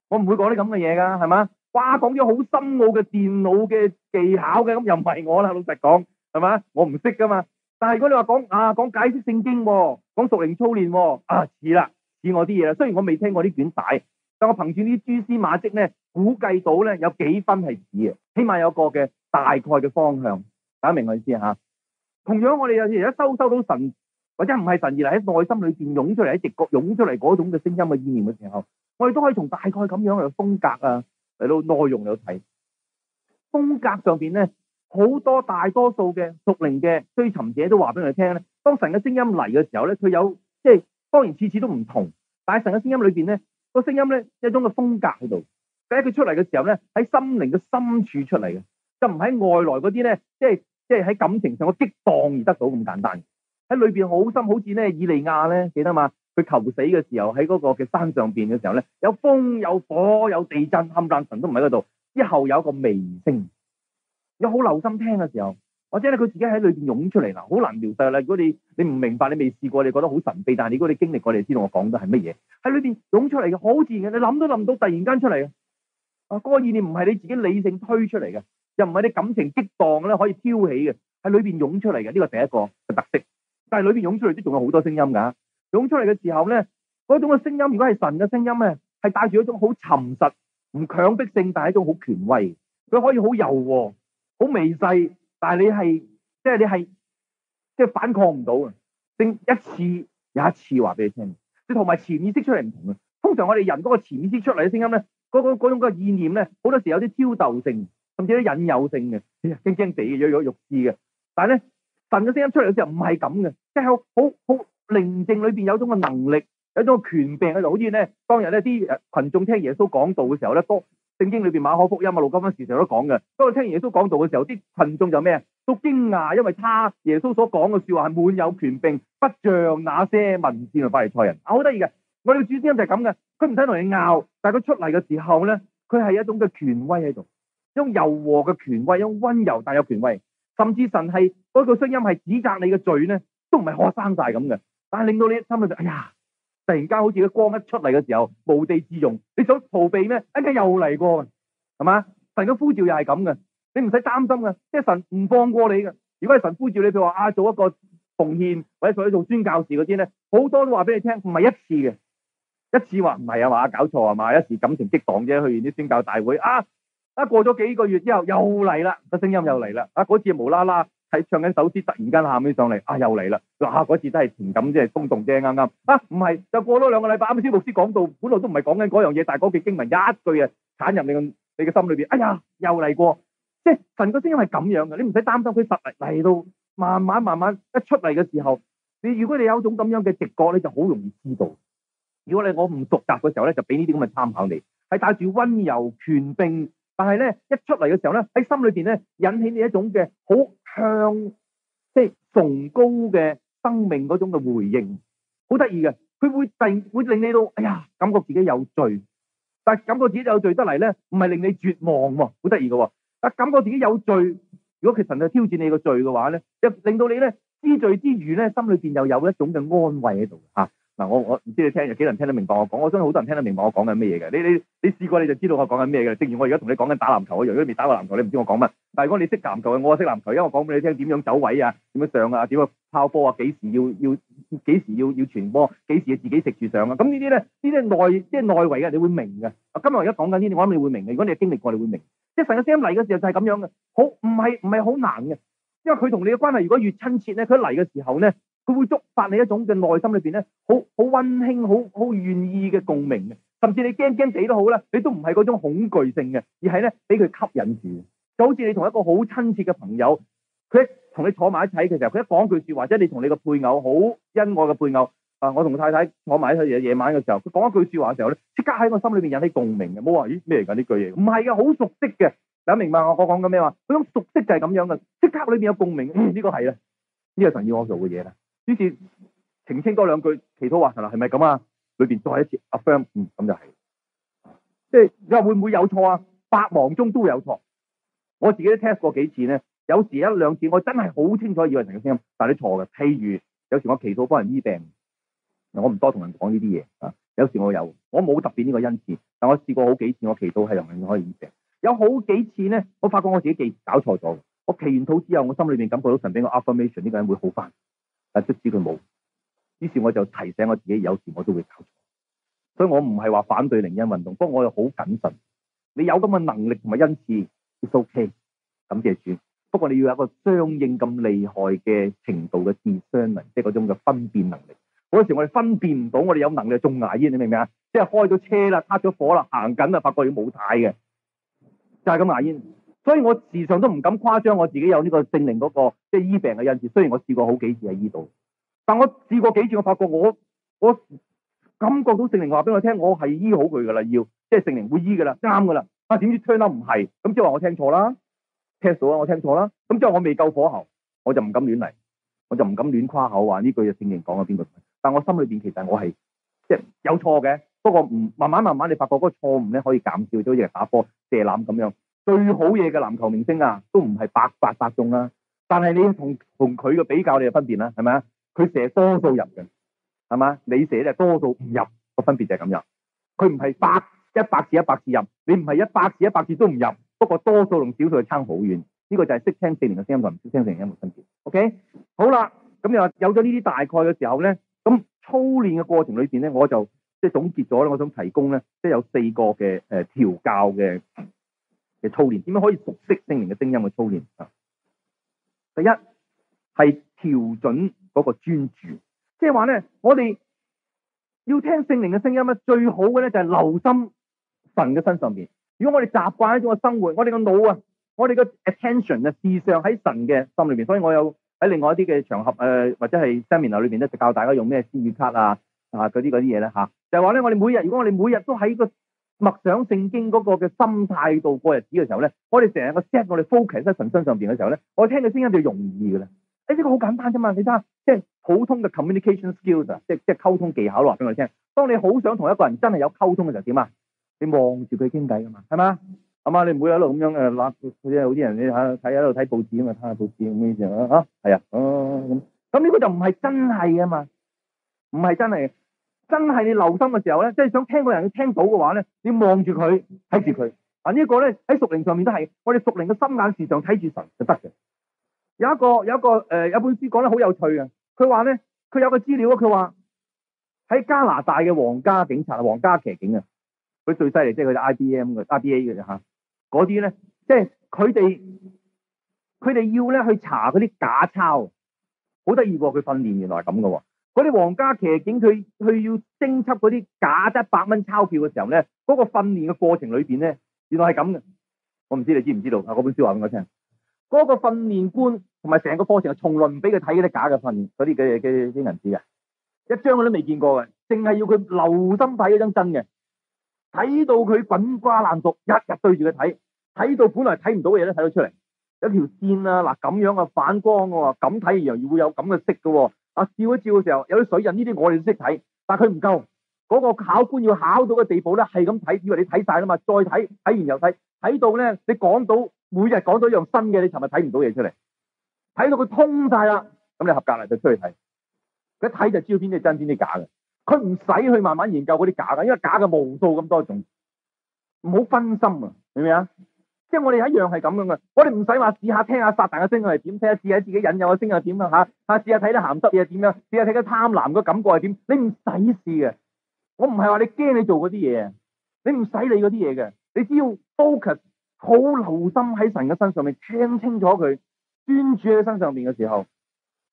我唔會講啲咁嘅嘢噶，係嘛？哇，講咗好深奧嘅電腦嘅技巧嘅，咁又唔係我啦，老實講，係嘛？我唔識噶嘛。但係如果你話講啊，講解釋聖經，啊，講屬靈操練啊，啊似啦，似我啲嘢啦。雖然我未聽過啲卷帶，但我憑住啲蛛絲馬跡咧，估計到咧有幾分係似嘅，起碼有一個嘅大概嘅方向。搞得明我意思啊？同樣我哋有而家收收到神，或者唔係神而嚟喺內心裏邊湧出嚟喺直覺湧出嚟嗰種嘅聲音嘅意念嘅時候，我哋都可以從大概咁樣嘅風格啊，嚟到內容嚟睇。風格上邊咧，好多大多數嘅屬靈嘅追尋者都話俾佢聽咧，當神嘅聲音嚟嘅時候咧，佢有即係，當然次次都唔同，但係神嘅聲音裏邊咧，個聲音咧有一種嘅風格喺度。第一，佢出嚟嘅時候咧，喺心靈嘅深處出嚟嘅，就唔喺外來嗰啲咧，即係即係喺感情上個激盪而得到咁簡單。喺裏邊好深好似咧，以利亞咧，記得嘛？佢求死嘅時候喺嗰個嘅山上邊嘅時候咧，有風有火有地震，冚唪唥神都唔喺嗰度。之後有一個微聲，有好留心聽嘅時候，或者咧佢自己喺裏邊湧出嚟啦，好難描述啦。如果你你唔明白，你未試過，你覺得好神秘。但係如果你經歷過，你就知道我講嘅係乜嘢。喺裏邊湧出嚟嘅，好自然嘅，你諗都諗到，突然間出嚟嘅。啊，嗰個意念唔係你自己理性推出嚟嘅，又唔係你感情激蕩咧可以挑起嘅，喺裏邊湧出嚟嘅呢個是第一個嘅特色。但係裏邊湧出嚟都仲有好多聲音噶、啊，湧出嚟嘅時候咧，嗰種嘅聲音如果係神嘅聲音咧，係帶住一種好沉實、唔強迫性，但係一種好權威，佢可以好柔和、好微細，但係你係即係你係即係反抗唔到啊！正一次又一次話俾你聽，你同埋潛意識出嚟唔同嘅。通常我哋人嗰個潛意識出嚟嘅聲音咧，嗰、那個嗰種嘅意念咧，好多時候有啲挑逗性，甚至啲引誘性嘅，驚驚地、欲欲欲知嘅。但係咧。神嘅聲音出嚟嘅時候唔係咁嘅，即係好好寧靜裏邊有種嘅能力，有種嘅權柄啊！就好似呢，當日呢啲群眾聽耶穌講道嘅時候呢，都聖經裏邊馬可福音啊、路加福音時常都，都講嘅。當日聽耶穌講道嘅時候，啲群眾就咩啊？都驚訝，因為他耶穌所講嘅說話係滿有權柄，不像那些文士同法利賽人。啊，好得意嘅！我哋嘅主聲音就係咁嘅，佢唔使同你拗，但係佢出嚟嘅時候呢，佢係一種嘅權威喺度，一種柔和嘅權威，一種溫柔但有權威，甚至神係。嗰個聲音係指責你嘅罪咧，都唔係可生晒咁嘅。但係令到你心裏就哎呀，突然間好似個光一出嚟嘅時候，無地自容。你想逃避咩？一陣又嚟過，係嘛？神嘅呼召又係咁嘅。你唔使擔心嘅，即係神唔放過你嘅。如果係神呼召你，譬如話啊做一個奉獻或者做啲做宣教士嗰啲咧，好多都話俾你聽唔係一次嘅，一次話唔係啊嘛，搞錯啊嘛，一時感情激蕩啫。去完啲宣教大會啊，啊過咗幾個月之後又嚟啦，個聲音又嚟啦。啊嗰次無啦啦。喺唱緊首詩，突然間喊起上嚟，啊又嚟啦！嗱、啊、嗰次真係情感真係衝動啫，啱啱啊唔係，就過多兩個禮拜，啱先牧師講到，本來都唔係講緊嗰樣嘢，但係嗰句經文一句嘅鏟入你個你嘅心裏邊，哎呀又嚟過，即係神嘅聲音係咁樣嘅，你唔使擔心佢實力嚟到，慢慢慢慢一出嚟嘅時候，你如果你有種咁樣嘅直覺，你就好容易知道。如果你我唔熟習嘅時候咧，就俾呢啲咁嘅參考你，係帶住温柔權柄，但係咧一出嚟嘅時候咧，喺心裏邊咧，引起你一種嘅好。向即係崇高嘅生命嗰種嘅回應，好得意嘅，佢會突然會令你到，哎呀，感覺自己有罪，但係感覺自己有罪得嚟咧，唔係令你絕望喎，好得意嘅喎，啊，但係感覺自己有罪，如果佢神係挑戰你嘅罪嘅話咧，又令到你咧知罪之餘咧，心裏邊又有一種嘅安慰喺度吓。嗱，我我唔知你聽有幾多人聽得明白我講，我相信好多人聽得明白我講緊咩嘢嘅。你你你試過你就知道我講緊咩嘅。正如我而家同你講緊打籃球，你如果未打過籃球，你唔知我講乜。但係如果你識籃球嘅，我啊識籃球，因為我講俾你聽點樣走位啊，點樣上啊，點樣拋波啊，幾時要要幾時要時要，時要傳波，幾時要自己食住上啊。咁呢啲咧，呢啲內即係內圍嘅，你會明嘅。今日我而家講緊呢啲，我諗你會明嘅。如果你係經歷過，你會明。即係神嘅聲嚟嘅時候就係咁樣嘅，好唔係唔係好難嘅，因為佢同你嘅關係如果越親切咧，佢嚟嘅時候咧。佢會觸發你一種嘅內心裏邊咧，好好溫馨、好好願意嘅共鳴嘅。甚至你驚驚死都好啦，你都唔係嗰種恐懼性嘅，而係咧俾佢吸引住。就好似你同一個好親切嘅朋友，佢同你坐埋一齊嘅時候，佢一講句說話，或者你同你個配偶好恩愛嘅配偶啊，我同太太坐埋一齊夜晚嘅時候，佢講一句說話嘅時候咧，即刻喺我心裏邊引起共鳴嘅。冇話咦咩嚟噶呢句嘢？唔係嘅，好熟悉嘅。大家明白我我講緊咩話？嗰種熟悉就係咁樣嘅，即刻裏邊有共鳴。呢、嗯呢個係啦，呢、呢個神要我做嘅嘢啦。於是澄清多兩句，祈禱話神啦，係咪咁啊？裏邊再一次 affirm，嗯，咁就係、是，即係你話會唔會有錯啊？百忙中都有錯，我自己都 test 過幾次咧，有時一兩次我真係好清楚以為神嘅聲音，但係你錯嘅。譬如有時我祈禱幫人醫病，我唔多同人講呢啲嘢啊，有時我有，我冇特別呢個恩賜，但我試過好幾次我祈禱係讓人可以醫病，有好幾次咧，我發覺我自己記搞錯咗，我祈禱完禱祈完禱之後，我心裏面感覺到神俾我 affirmation，呢個人會好翻。但即使佢冇，於是我就提醒我自己，有時我都會搞錯。所以我唔係話反對靈恩運動，不過我又好謹慎。你有咁嘅能力同埋恩賜，亦都 OK。感謝主。不過你要有一個相應咁厲害嘅程度嘅智商能力，嗰、就是、種嘅分辨能力。嗰、那個、時候我哋分辨唔到，我哋有能力中牙煙，你明唔明啊？即、就、係、是、開咗車啦，撻咗火啦，行緊啦，發覺要冇帶嘅，就係、是、咁牙煙。所以我時常都唔敢誇張，我自己有呢個聖靈嗰、那個即係、就是、醫病嘅恩賜。雖然我試過好幾次喺醫度，但我試過幾次，我發覺我我感覺到聖靈話俾我聽，我係醫好佢噶啦，要即係聖靈會醫噶啦，啱噶啦。啊，點知聽得唔係？咁即係話我聽錯啦，聽錯啊，我聽錯啦。咁即係我未夠火候，我就唔敢亂嚟，我就唔敢亂誇口話呢句嘅聖靈講咗邊個。但我心裏邊其實我係即係有錯嘅，不過唔慢慢慢慢你發覺嗰個錯誤咧可以減少，好似打波射籃咁樣。最好嘢嘅籃球明星啊，都唔係百發百中啦、啊。但係你同同佢嘅比較，你就分別啦，係咪啊？佢射多數入嘅，係嘛？你射咧就多數唔入，個分別就係咁樣。佢唔係百一百次一百次入，你唔係一百次一百次都唔入。不過多數同少數就差好遠。呢、這個就係識聽四年嘅聲音同唔識聽四年嘅音嘅分別。OK，好啦，咁又話有咗呢啲大概嘅時候咧，咁操練嘅過程裏邊咧，我就即係、就是、總結咗咧，我想提供咧，即、就、係、是、有四個嘅誒、呃、調教嘅。嘅操練，點樣可以熟悉聖靈嘅聲音嘅操練啊？第一係調準嗰個專注，即係話咧，我哋要聽聖靈嘅聲音咧，最好嘅咧就係留心神嘅身上邊。如果我哋習慣呢種嘅生活，我哋嘅腦啊，我哋嘅 attention 啊，事實上喺神嘅心裏邊。所以我有喺另外一啲嘅場合誒、呃，或者係 seminar 啊裏邊咧，就教大家用咩思維卡啊啊嗰啲嗰啲嘢咧吓。就係話咧，我哋每日如果我哋每日都喺、這個。默想聖經嗰個嘅心態度過日子嘅時候咧，我哋成日個 set，我哋 focus 喺神身上邊嘅時候咧，我聽嘅聲音就容易噶啦。誒、這、呢個好簡單啫嘛，你睇下，即係普通嘅 communication skills 即係即係溝通技巧落話俾我哋聽。當你好想同一個人真係有溝通嘅時候點啊？你望住佢傾偈㗎嘛，係嘛？係嘛，你唔會一路咁樣誒嗱，或好啲人你嚇睇一路睇報紙啊嘛，睇下報紙咁嘅意思啊嚇。係啊，哦咁，咁呢個就唔係真係啊嘛，唔係真係。真係你留心嘅時候咧，即係想聽個人聽到嘅話咧，你望住佢睇住佢啊。這個、呢個咧，喺屬靈上面都係，我哋屬靈嘅心眼事上睇住神就得嘅。有一個有一個誒、呃，有本書講得好有趣嘅，佢話咧，佢有個資料啊，佢話喺加拿大嘅皇家警察，皇家騎警啊，佢最犀利，即係佢啲 IBM 嘅 IBA 嘅啫吓。嗰啲咧，即係佢哋佢哋要咧去查嗰啲假鈔，好得意噶，佢訓練原來係咁喎。嗰啲皇家騎警，佢佢要偵緝嗰啲假一百蚊鈔票嘅時候咧，嗰、嗰個訓練嘅過程裏邊咧，原來係咁嘅。我唔知道你知唔知道？啊，嗰本書話俾我聽，嗰、嗰個訓練官同埋成個課程啊，從來唔俾佢睇嗰啲假嘅訓嗰啲嘅嘅啲銀紙嘅，一張我都未見過嘅，淨係要佢留心睇一張真嘅，睇到佢滾瓜爛熟，日日對住佢睇，睇到本來睇唔到嘅嘢都睇到出嚟，有條線啊，嗱咁樣嘅反光喎、啊，咁睇樣又會有咁嘅色嘅喎、啊。啊，照一照嘅時候有啲水印呢啲我哋都識睇，但係佢唔夠，嗰個考官要考到嘅地步咧，係咁睇，以為你睇晒啦嘛，再睇，睇完又睇，睇到咧你講到每日講到一樣新嘅，你尋日睇唔到嘢，出嚟，睇到佢通晒啦，咁你合格啦，就出去睇，佢一睇就知道邊啲真邊啲假嘅，佢唔使去慢慢研究嗰啲假噶，因為假嘅無數咁多種，唔好分心啊，明唔明啊？即係我哋一樣係咁樣嘅，我哋唔使話試下聽下撒旦嘅聲係點，聽下試下自己引誘嘅聲係點啊吓，吓試下睇啲咸濕嘢點樣，試下睇得貪婪嘅感覺係點，你唔使試嘅。我唔係話你驚你做嗰啲嘢，你唔使理嗰啲嘢嘅，你只要 focus 好留心喺神嘅身上面，聽清楚佢，專注喺佢身上面嘅時候，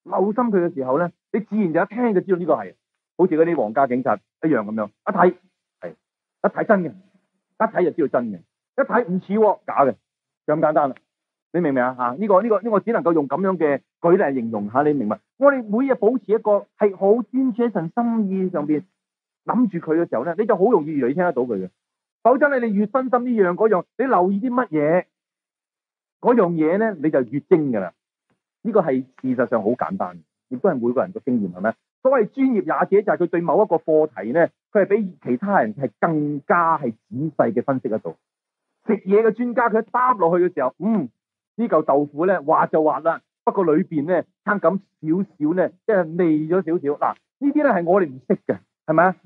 留心佢嘅時候咧，你自然就一聽就知道呢個係，好似嗰啲皇家警察一樣咁樣，一睇係，一睇真嘅，一睇就知道真嘅。一睇唔似喎，假嘅就咁簡單啦。你明唔明啊？吓、呢個、呢個呢、呢個呢、呢個只能夠用咁樣嘅舉例形容下。你明白？我哋每日保持一個係好專注一層心意上邊諗住佢嘅時候咧，你就好容易嚟聽得到佢嘅。否則你越分心呢樣嗰樣，你留意啲乜嘢嗰樣嘢咧，你就越精噶啦。呢、呢個係事實上好簡單，亦都係每個人嘅經驗係咩？所謂專業也者就係、是、佢對某一個課題咧，佢係比其他人係更加係仔細嘅分析得到。食嘢嘅專家，佢一嗒落去嘅時候，嗯，呢嚿豆腐咧滑就滑啦。不過裏邊咧，撐咁少少咧，即係味咗少少。嗱，呢啲咧係我哋唔識嘅，係咪啊？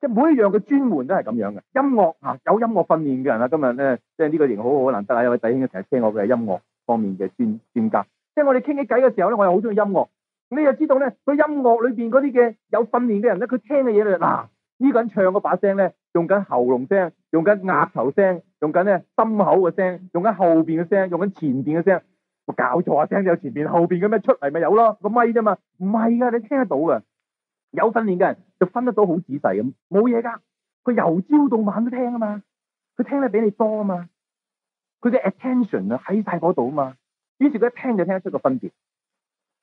即係每一樣嘅專門都係咁樣嘅。音樂啊，有音樂訓練嘅人啊，今日咧即係呢個型好好難得啊！有位弟兄成日聽我嘅音樂方面嘅專專家，即係我哋傾起偈嘅時候咧，我又好中意音樂。你又知道咧，佢音樂裏邊嗰啲嘅有訓練嘅人咧，佢聽嘅嘢咧，嗱、啊，呢個人唱嗰把聲咧，用緊喉嚨聲，用緊額頭聲，用緊咧心口嘅聲，用緊後邊嘅聲，用緊前邊嘅聲，我搞錯啊！聲有前邊、後邊嘅咩出嚟？咪有咯個咪啫嘛，唔係噶，你聽得到噶，有訓練嘅人就分得到好仔細咁，冇嘢噶。佢由朝到晚都聽啊嘛，佢聽得比你多啊嘛，佢嘅 attention 啊喺晒嗰度啊嘛，於是佢一聽就聽得出個分別，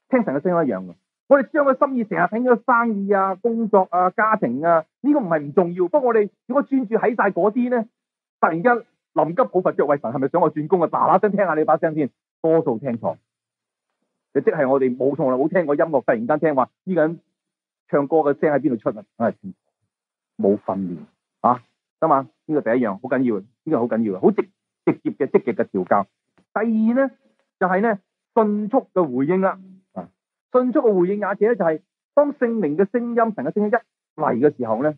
聽神嘅聲音一樣噶。我哋將個心意成日喺呢個生意啊、工作啊、家庭啊，呢、呢個唔係唔重要，不過我哋如果專注喺晒嗰啲咧。突然間臨急抱佛着位神，係咪想我轉工啊？嗱嗱聲聽下你把聲先，多數聽錯。即係我哋冇從來冇聽過音樂，突然間聽話呢個人唱歌嘅聲喺邊度出啊？冇訓練啊，得嘛？呢個第一樣好緊要，呢個好緊要，好直直接嘅積極嘅調教。第二咧就係咧迅速嘅回應啦。迅速嘅回，回應也即係就係、是、當聖靈嘅聲音神嘅聲音一嚟嘅時候咧。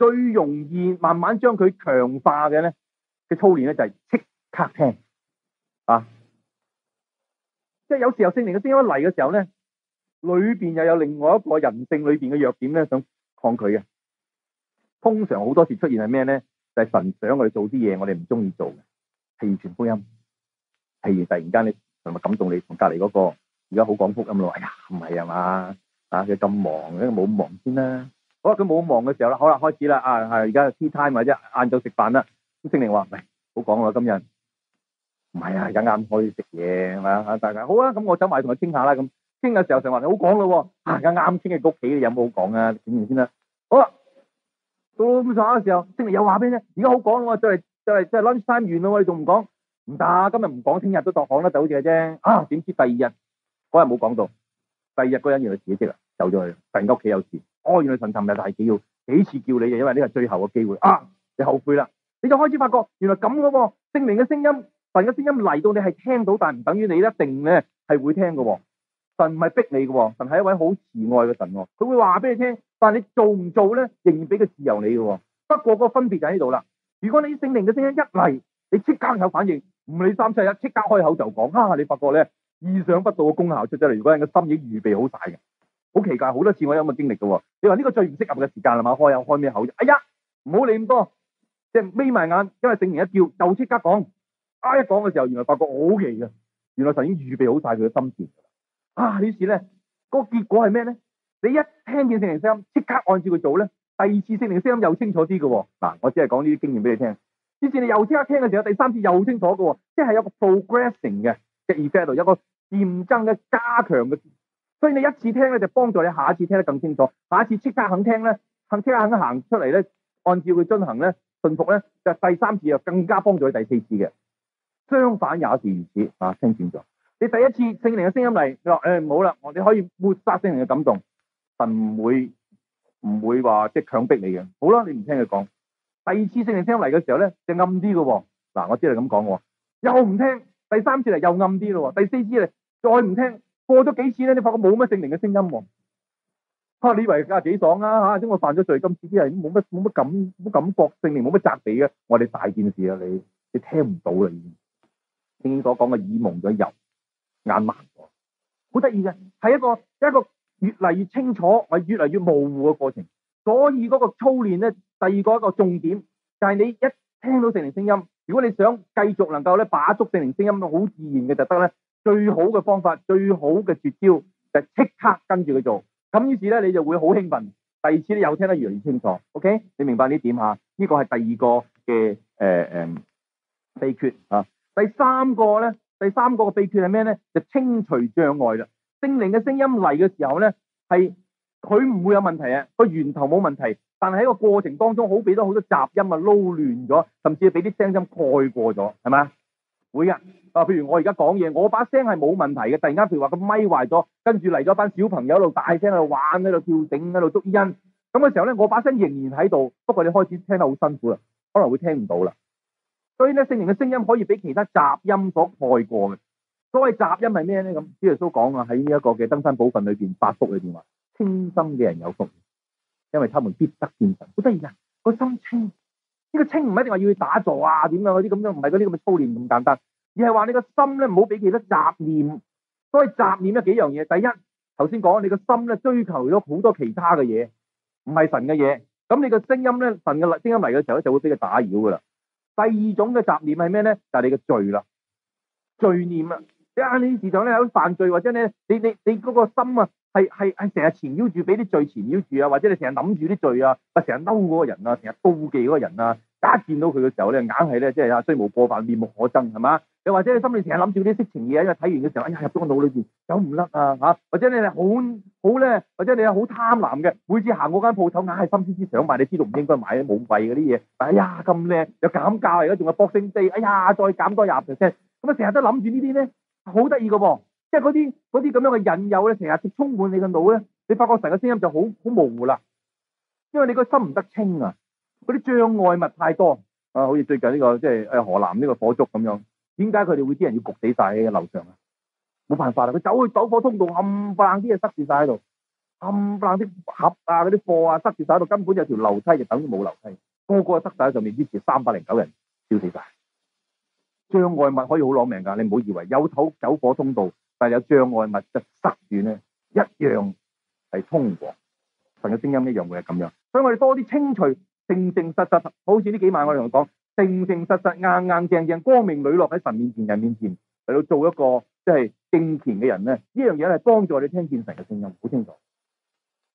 最容易慢慢將佢強化嘅咧嘅操練咧就係即刻聽啊！即係有時候聖靈嘅聲音一嚟嘅時候咧，裏邊又有另外一個人性裏邊嘅弱點咧想抗拒嘅。通常好多時出現係咩咧？就係、是、神想我哋做啲嘢，我哋唔中意做嘅。譬如傳福音，譬如突然間你係咪感動你同隔離嗰個而家好講福音咯。哎呀，唔係啊嘛啊！你咁忙，因冇咁忙先啦、啊。好啦，佢冇忙嘅時候啦，好啦，開始啦啊，係而家 tea time 或者晏晝食飯啦。咁聖靈話喂，好講喎今日，唔係啊，家有啱可以食嘢係啊大家好啊，咁我走埋同佢傾下啦。咁傾嘅時候成日話你好講咯，啊有啱傾嘅屋企你有冇好講啊？點樣先啦。好啦，到咁上下嘅時候，聖靈又話俾你聽，而家好講咯，即係即係即係 lunch time 完咯，你仲唔講？唔得，今日唔講，聽日都當講得到好嘅啫。啊，點知第二日嗰日冇講到，第二日嗰人原來辭職啦，走咗去，突然間屋企有事。哦，原來神尋日大幾要幾次叫你，就因為呢個最後嘅機會啊！你後悔啦，你就開始發覺原來咁噶，聖靈嘅聲音，神嘅聲音嚟到你係聽到，但唔等於你一定咧係會聽噶。神唔係逼你噶，神係一位好慈愛嘅神，佢會話俾你聽，但係你做唔做咧，仍然俾個自由你噶。不過個分別就喺度啦，如果你聖靈嘅聲音一嚟，你即刻有反應，唔理三七一，即刻開口就講啊！你發覺咧意想不到嘅功效出咗嚟，如果你嘅心意預備好晒嘅。好奇怪，好多次我有咁嘅經歷嘅喎。你話呢個最唔適合嘅時間係嘛？開啊，開咩口？哎呀，唔好理咁多，即係眯埋眼，因為聖靈一叫又即刻講。啊，一講嘅時候，原來發覺好奇嘅、啊，原來神已經預備好晒佢嘅心志。啊，於是咧，個結果係咩咧？你一聽見聖靈嘅聲音，即刻按照佢做咧。第二次聖靈嘅聲音又清楚啲嘅喎。嗱、啊，我只係講呢啲經驗俾你聽。於是你又即刻聽嘅時候，第三次又清楚嘅喎、哦，即係有一個 progressing 嘅 degree 喺度，有個漸增嘅加強嘅。所以你一次聽咧，就幫助你下一次聽得更清楚。下一次即刻肯聽咧，肯即刻肯行出嚟咧，按照佢進行咧，順服咧，就第三次又更加幫助你。第四次嘅。相反也是如此啊，聽轉咗。你第一次聖靈嘅聲音嚟，你話欸、唔好啦，我哋可以抹殺聖靈嘅感動，神唔會唔會話即係強迫你嘅。好啦，你唔聽佢講。第二次聖靈聲音嚟嘅時候咧，就暗啲嘅喎。嗱、啊，我知你咁講喎，又唔聽。第三次嚟又暗啲咯喎，第四次嚟再唔聽。過咗幾次咧，你發覺冇乜聖靈嘅聲音喎，啊啊。你以為家幾爽啊？吓，因為我犯咗罪，今次啲係冇乜冇乜感冇感覺，聖靈冇乜責備嘅。我、啊、哋大件事啊，你你聽唔到啦，已經。聖經所講嘅耳蒙咗油，眼盲咗。好得意嘅，係一個是一個越嚟越清楚，或越嚟越模糊嘅過程。所以嗰個操練咧，第二個一個重點，就係、是、你一聽到聖靈聲音，如果你想繼續能夠咧把捉聖靈聲音好自然嘅就得咧。最好嘅方法，最好嘅絕招就即刻跟住佢做。咁於是咧，你就會好興奮。第二次咧，又聽得越嚟越清楚。OK，你明白呢點吓？呢個係第二個嘅誒誒秘訣啊。第三個咧，第三個嘅秘訣係咩咧？就清除障礙啦。聖靈嘅聲音嚟嘅時候咧，係佢唔會有問題啊。個源頭冇問題，但係喺個過程當中，好俾咗好多雜音啊，撈亂咗，甚至俾啲聲音蓋過咗，係咪？會噶，啊，譬如我而家講嘢，我把聲係冇問題嘅。突然間，譬如話個咪壞咗，跟住嚟咗班小朋友喺度大聲喺度玩，喺度叫，頂喺度捉音。咁嘅時候咧，我把聲仍然喺度，不過你開始聽得好辛苦啦，可能會聽唔到啦。所以咧，聖靈嘅聲音可以俾其他雜音所蓋過嘅。所謂雜音係咩咧？咁主耶穌都講啊，喺呢一個嘅登山寶訓裏邊，八福裏邊話：清心嘅人有福，因為他們必得見神。好得意，那個心清。呢個清唔一定話要去打坐啊，點樣嗰啲咁樣，唔係嗰啲咁嘅操練咁簡單，而係話你個心咧唔好俾其他雜念。所以雜念有幾樣嘢，第一頭先講，你個心咧追求咗好多其他嘅嘢，唔係神嘅嘢，咁你個聲音咧，神嘅聲音嚟嘅時候咧，就會俾佢打擾噶啦。第二種嘅雜念係咩咧？就係你嘅罪啦，罪念啦。啊，你事實上咧有犯罪或者咧，你你你嗰個心啊。係係係成日纏繞住，俾啲罪纏繞住啊！或者你成日諗住啲罪啊，咪成日嬲嗰個人啊，成日妒忌嗰個人啊，一見到佢嘅時候咧，硬係咧即係啊，雖無過犯，面目可憎，係嘛？又或者你心裏成日諗住嗰啲色情嘢，因為睇完嘅時候，哎呀，入咗個腦裏邊，走唔甩啊嚇！或者你係好好咧，或者你係好貪婪嘅，每次行嗰間鋪頭，硬係心思思想買，你知道唔應該買冇謂嗰啲嘢，哎呀咁靚，又減價，而家仲係 Boxing Day，哎呀再減多廿 percent，咁啊成日都諗住呢啲咧，好得意噶噃！即係嗰啲嗰啲咁樣嘅引誘咧，成日充滿你嘅腦咧，你發覺神嘅聲音就好好模糊啦。因為你個心唔得清啊，嗰啲障礙物太多啊，好似最近呢個即係誒河南呢個火燭咁樣，點解佢哋會啲人要焗死晒喺樓上啊？冇辦法啦，佢走去走火通道冚唪冷啲嘢塞住晒喺度，冚唪冷啲盒啊嗰啲貨啊塞住晒喺度，根本有條樓梯就等於冇樓梯，個個啊塞晒喺上面，於是三百零九人燒死晒。障礙物可以好攞命噶你唔好以為有土走火通道。但有障礙物質塞住咧，一樣係通往神嘅聲音，一樣會係咁樣。所以我哋多啲清除，正正實實，好似呢幾晚我哋同佢講，正正實實、硬硬正正正、光明磊落喺神面前、人面前嚟到做一個即係敬虔嘅人咧，呢樣嘢係幫助你聽見神嘅聲音，好清楚。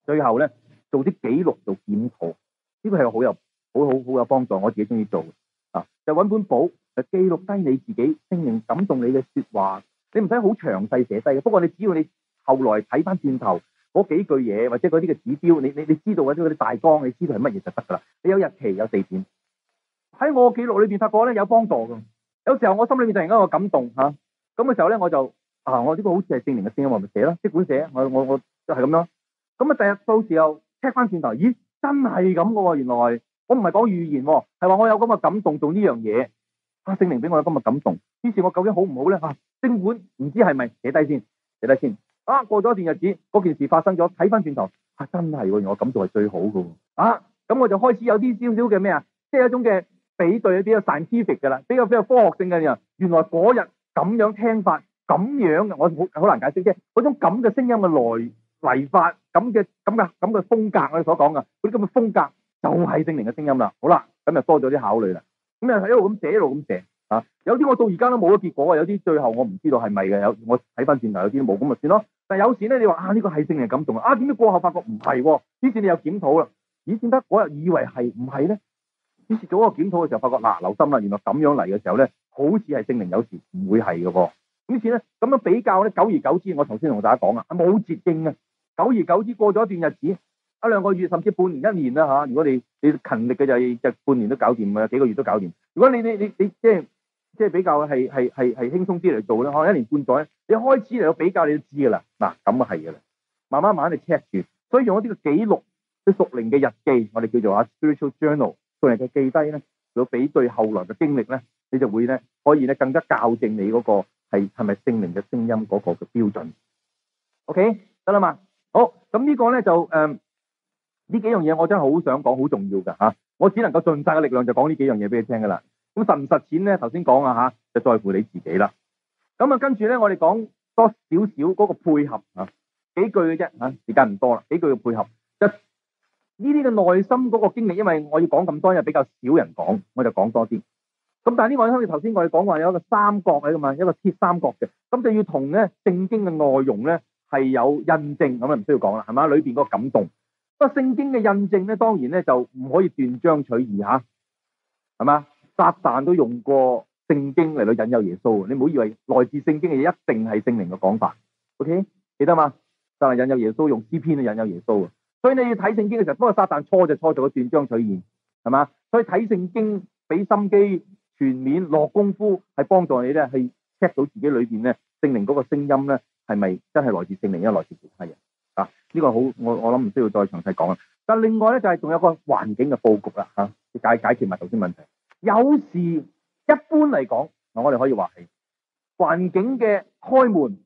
最後咧，做啲記錄做檢討，呢個係好有好好好有幫助，我自己中意做嘅啊。就搵本簿就記錄低你自己，聖靈感動你嘅說話。你唔使好詳細寫低嘅，不過你只要你後來睇翻箭頭嗰幾句嘢，或者嗰啲嘅指標，你你你知道嘅即係嗰啲大綱，你知道係乜嘢就得噶啦。你有日期有地點，喺我記錄裏邊發覺咧有幫助噶。有時候我心裏面突然間有個感動吓，咁、啊、嘅時候咧我就啊，我呢個好似係聖靈嘅聲音，我咪寫咯，即管寫，我我我就係咁樣。咁啊，第日到時候 check 翻箭頭，咦，真係咁噶喎！原來我唔係講預言，係話我有咁嘅感動，做呢樣嘢啊，聖靈俾我有咁嘅感動。於是我究竟好唔好咧啊？儘管唔知係咪寫低先，寫低先啊！過咗一段日子，嗰件事發生咗，睇翻轉頭啊，真係、啊，原來咁做係最好噶、啊，啊！咁我就開始有啲少少嘅咩啊，即係一種嘅比對一啲 scientific 噶啦，比較比較，比較科學性嘅嘢。原來嗰日咁樣聽法，咁樣我好好難解釋啫。嗰種咁嘅聲音嘅來嚟法，咁嘅咁嘅咁嘅風格我，我哋所講嘅，嗰啲咁嘅風格就係聖靈嘅聲音啦。好啦，咁就多咗啲考慮啦。咁又一路咁寫，一路咁寫。啊！有啲我到而家都冇咗結果啊，有啲最後我唔知道係咪嘅，有我睇翻轉頭有啲都冇咁咪算咯。但係有時咧，你話啊呢、這個係聖靈感動啊？點解過後發覺唔係、啊，於是你有檢討啦。咦、啊，點解，我又以為係唔係咧，於是次做一個檢討嘅時候，發覺嗱、啊、留心啦，原來咁樣嚟嘅時候咧，好似係聖靈有時唔會係嘅、啊。於是咧咁樣比較咧，久而久之，我頭先同大家講啊，冇捷徑嘅。久而久之，過咗一段日子，一兩個月，甚至半年一年啦吓、啊。如果你你勤力嘅就就半年都搞掂啊，幾個月都搞掂。如果你你你你即係。就是即係比較係係係係輕鬆啲嚟做啦。可能一年半載，你開始嚟到比較，你都知噶啦。嗱、啊，咁啊係噶啦，慢慢慢慢嚟 check 住。所以用一啲嘅記錄、即屬靈嘅日記，我哋叫做啊 spiritual journal，佢嚟就記低咧，如果比對後來嘅經歷咧，你就會咧可以咧更加校正你嗰個係咪聖靈嘅聲音嗰個嘅標準。OK，得啦嘛。好，咁呢個咧就誒呢、嗯、幾樣嘢，我真係好想講，好重要噶嚇、啊。我只能夠盡曬嘅力量就講呢幾樣嘢俾你聽噶啦。咁實唔實踐咧？頭先講啊吓，就在乎你自己啦。咁啊，跟住咧，我哋講多少少嗰個配合吓，幾句嘅啫吓，時間唔多啦，幾句嘅配合。一呢啲嘅內心嗰個經歷，因為我要講咁多，因為比較少人講，我就講多啲。咁但係呢個，我咧頭先我哋講話有一個三角喺度嘛，一個鐵三角嘅，咁就要同咧聖經嘅內容咧係有印證咁啊，唔需要講啦，係嘛？裏邊嗰個感動，不過聖經嘅印證咧，當然咧就唔可以斷章取義吓，係嘛？撒旦都用過聖經嚟到引誘耶穌，你唔好以為來自聖經嘅嘢一定係聖靈嘅講法。OK，記得嘛？但係引誘耶穌用詩篇嚟引誘耶穌，所以你要睇聖經嘅時候，不過撒旦錯就錯在佢斷章取義，係嘛？所以睇聖經俾心機、全面落功夫，係幫助你咧，去 check 到自己裏邊咧聖靈嗰個聲音咧，係咪真係來自聖靈，因為來自其他人啊？呢、這個好，我我諗唔需要再詳細講啦。但係另外咧就係、是、仲有一個環境嘅佈局啦你、啊、解解決埋頭先問題。有時一般嚟講，嗱我哋可以話係環境嘅開門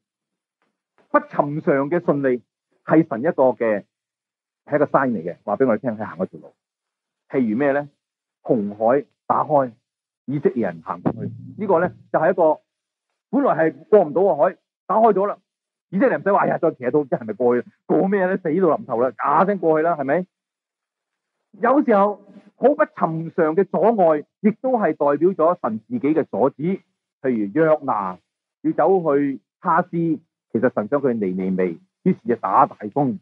不尋常嘅順利，係神一個嘅係一個 sign 嚟嘅，話俾我哋聽佢行過條路，譬如咩咧？紅海打開，以色列人行過去，這個、呢個咧就係、是、一個本來係過唔到個海打開咗啦，以色列人唔使話呀再騎到，即係咪過去了過咩咧？死到臨頭啦，夾硬過去啦，係咪？有時候好不尋常嘅阻礙，亦都係代表咗神自己嘅阻止。譬如約拿要走去他施，其實神想佢尼尼微，於是就打大風，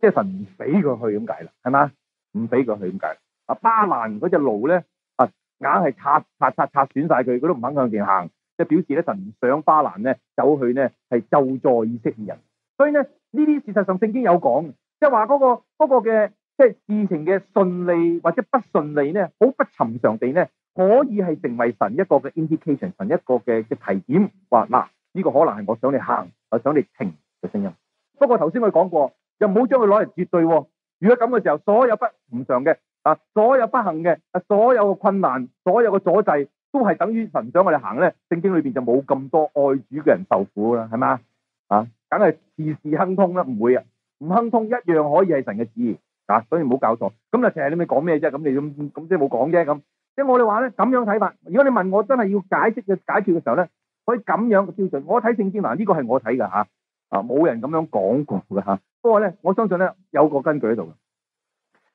即係神唔俾佢去咁解啦，係嘛？唔俾佢去咁解。啊巴蘭嗰隻驢咧，啊硬係拆拆拆拆損晒佢，佢都唔肯向前行，即係表示咧神唔想巴蘭呢走去呢係咒詛以色列人。所以呢呢啲事實上聖經有講，即係話嗰個、嗰個嘅。即係事情嘅順利或者不順利呢，好不尋常地呢，可以係成為神一個嘅 indication，神一個嘅嘅提點，話嗱呢個可能係我想你行，我想你停嘅聲音。不過頭先我講過，又唔好將佢攞嚟絕對。如果咁嘅時候，所有不尋常嘅啊，所有不幸嘅啊，所有嘅困難，所有嘅阻滯，都係等於神想我哋行咧，聖經裏邊就冇咁多愛主嘅人受苦啦，係咪啊？梗係事事亨通啦，唔會啊，唔亨通一樣可以係神嘅旨意。啊！所以唔好搞錯，咁啊成日你咪講咩啫？咁你咁咁即係冇講啫。咁即係我哋話咧，咁樣睇法。如果你問我真係要解釋嘅解決嘅時候咧，可以咁樣嘅標準。我睇聖經話呢、呢個係我睇噶吓，啊冇、啊、人咁樣講過噶吓、啊。不過咧，我相信咧有個根據喺度。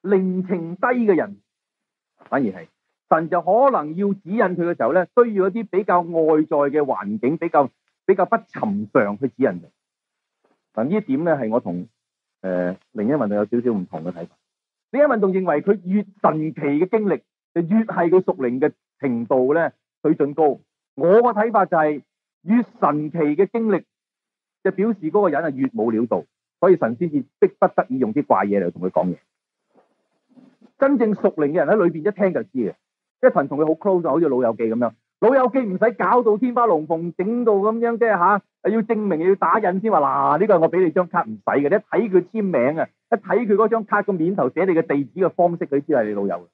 靈情低嘅人反而係神就可能要指引佢嘅時候咧，需要一啲比較外在嘅環境，比較比較不尋常去指引。嗱呢一點咧係我同。誒，靈恩運動有少少唔同嘅睇法。靈恩運動認為佢越神奇嘅經歷，就越係佢屬靈嘅程度咧，水準高。我個睇法就係、是，越神奇嘅經歷，就表示嗰個人啊越冇料到，所以神先至逼不得已用啲怪嘢嚟同佢講嘢。真正屬靈嘅人喺裏邊一聽就知嘅，因為神同佢好 close 就好似老友記咁樣。老友記唔使搞到天花龍鳳，整到咁樣，即係吓，要證明要打印先話嗱，呢、啊這個係我俾你張卡唔使嘅，一睇佢簽名啊，一睇佢嗰張卡個面頭寫你嘅地址嘅方式，佢知係你老友。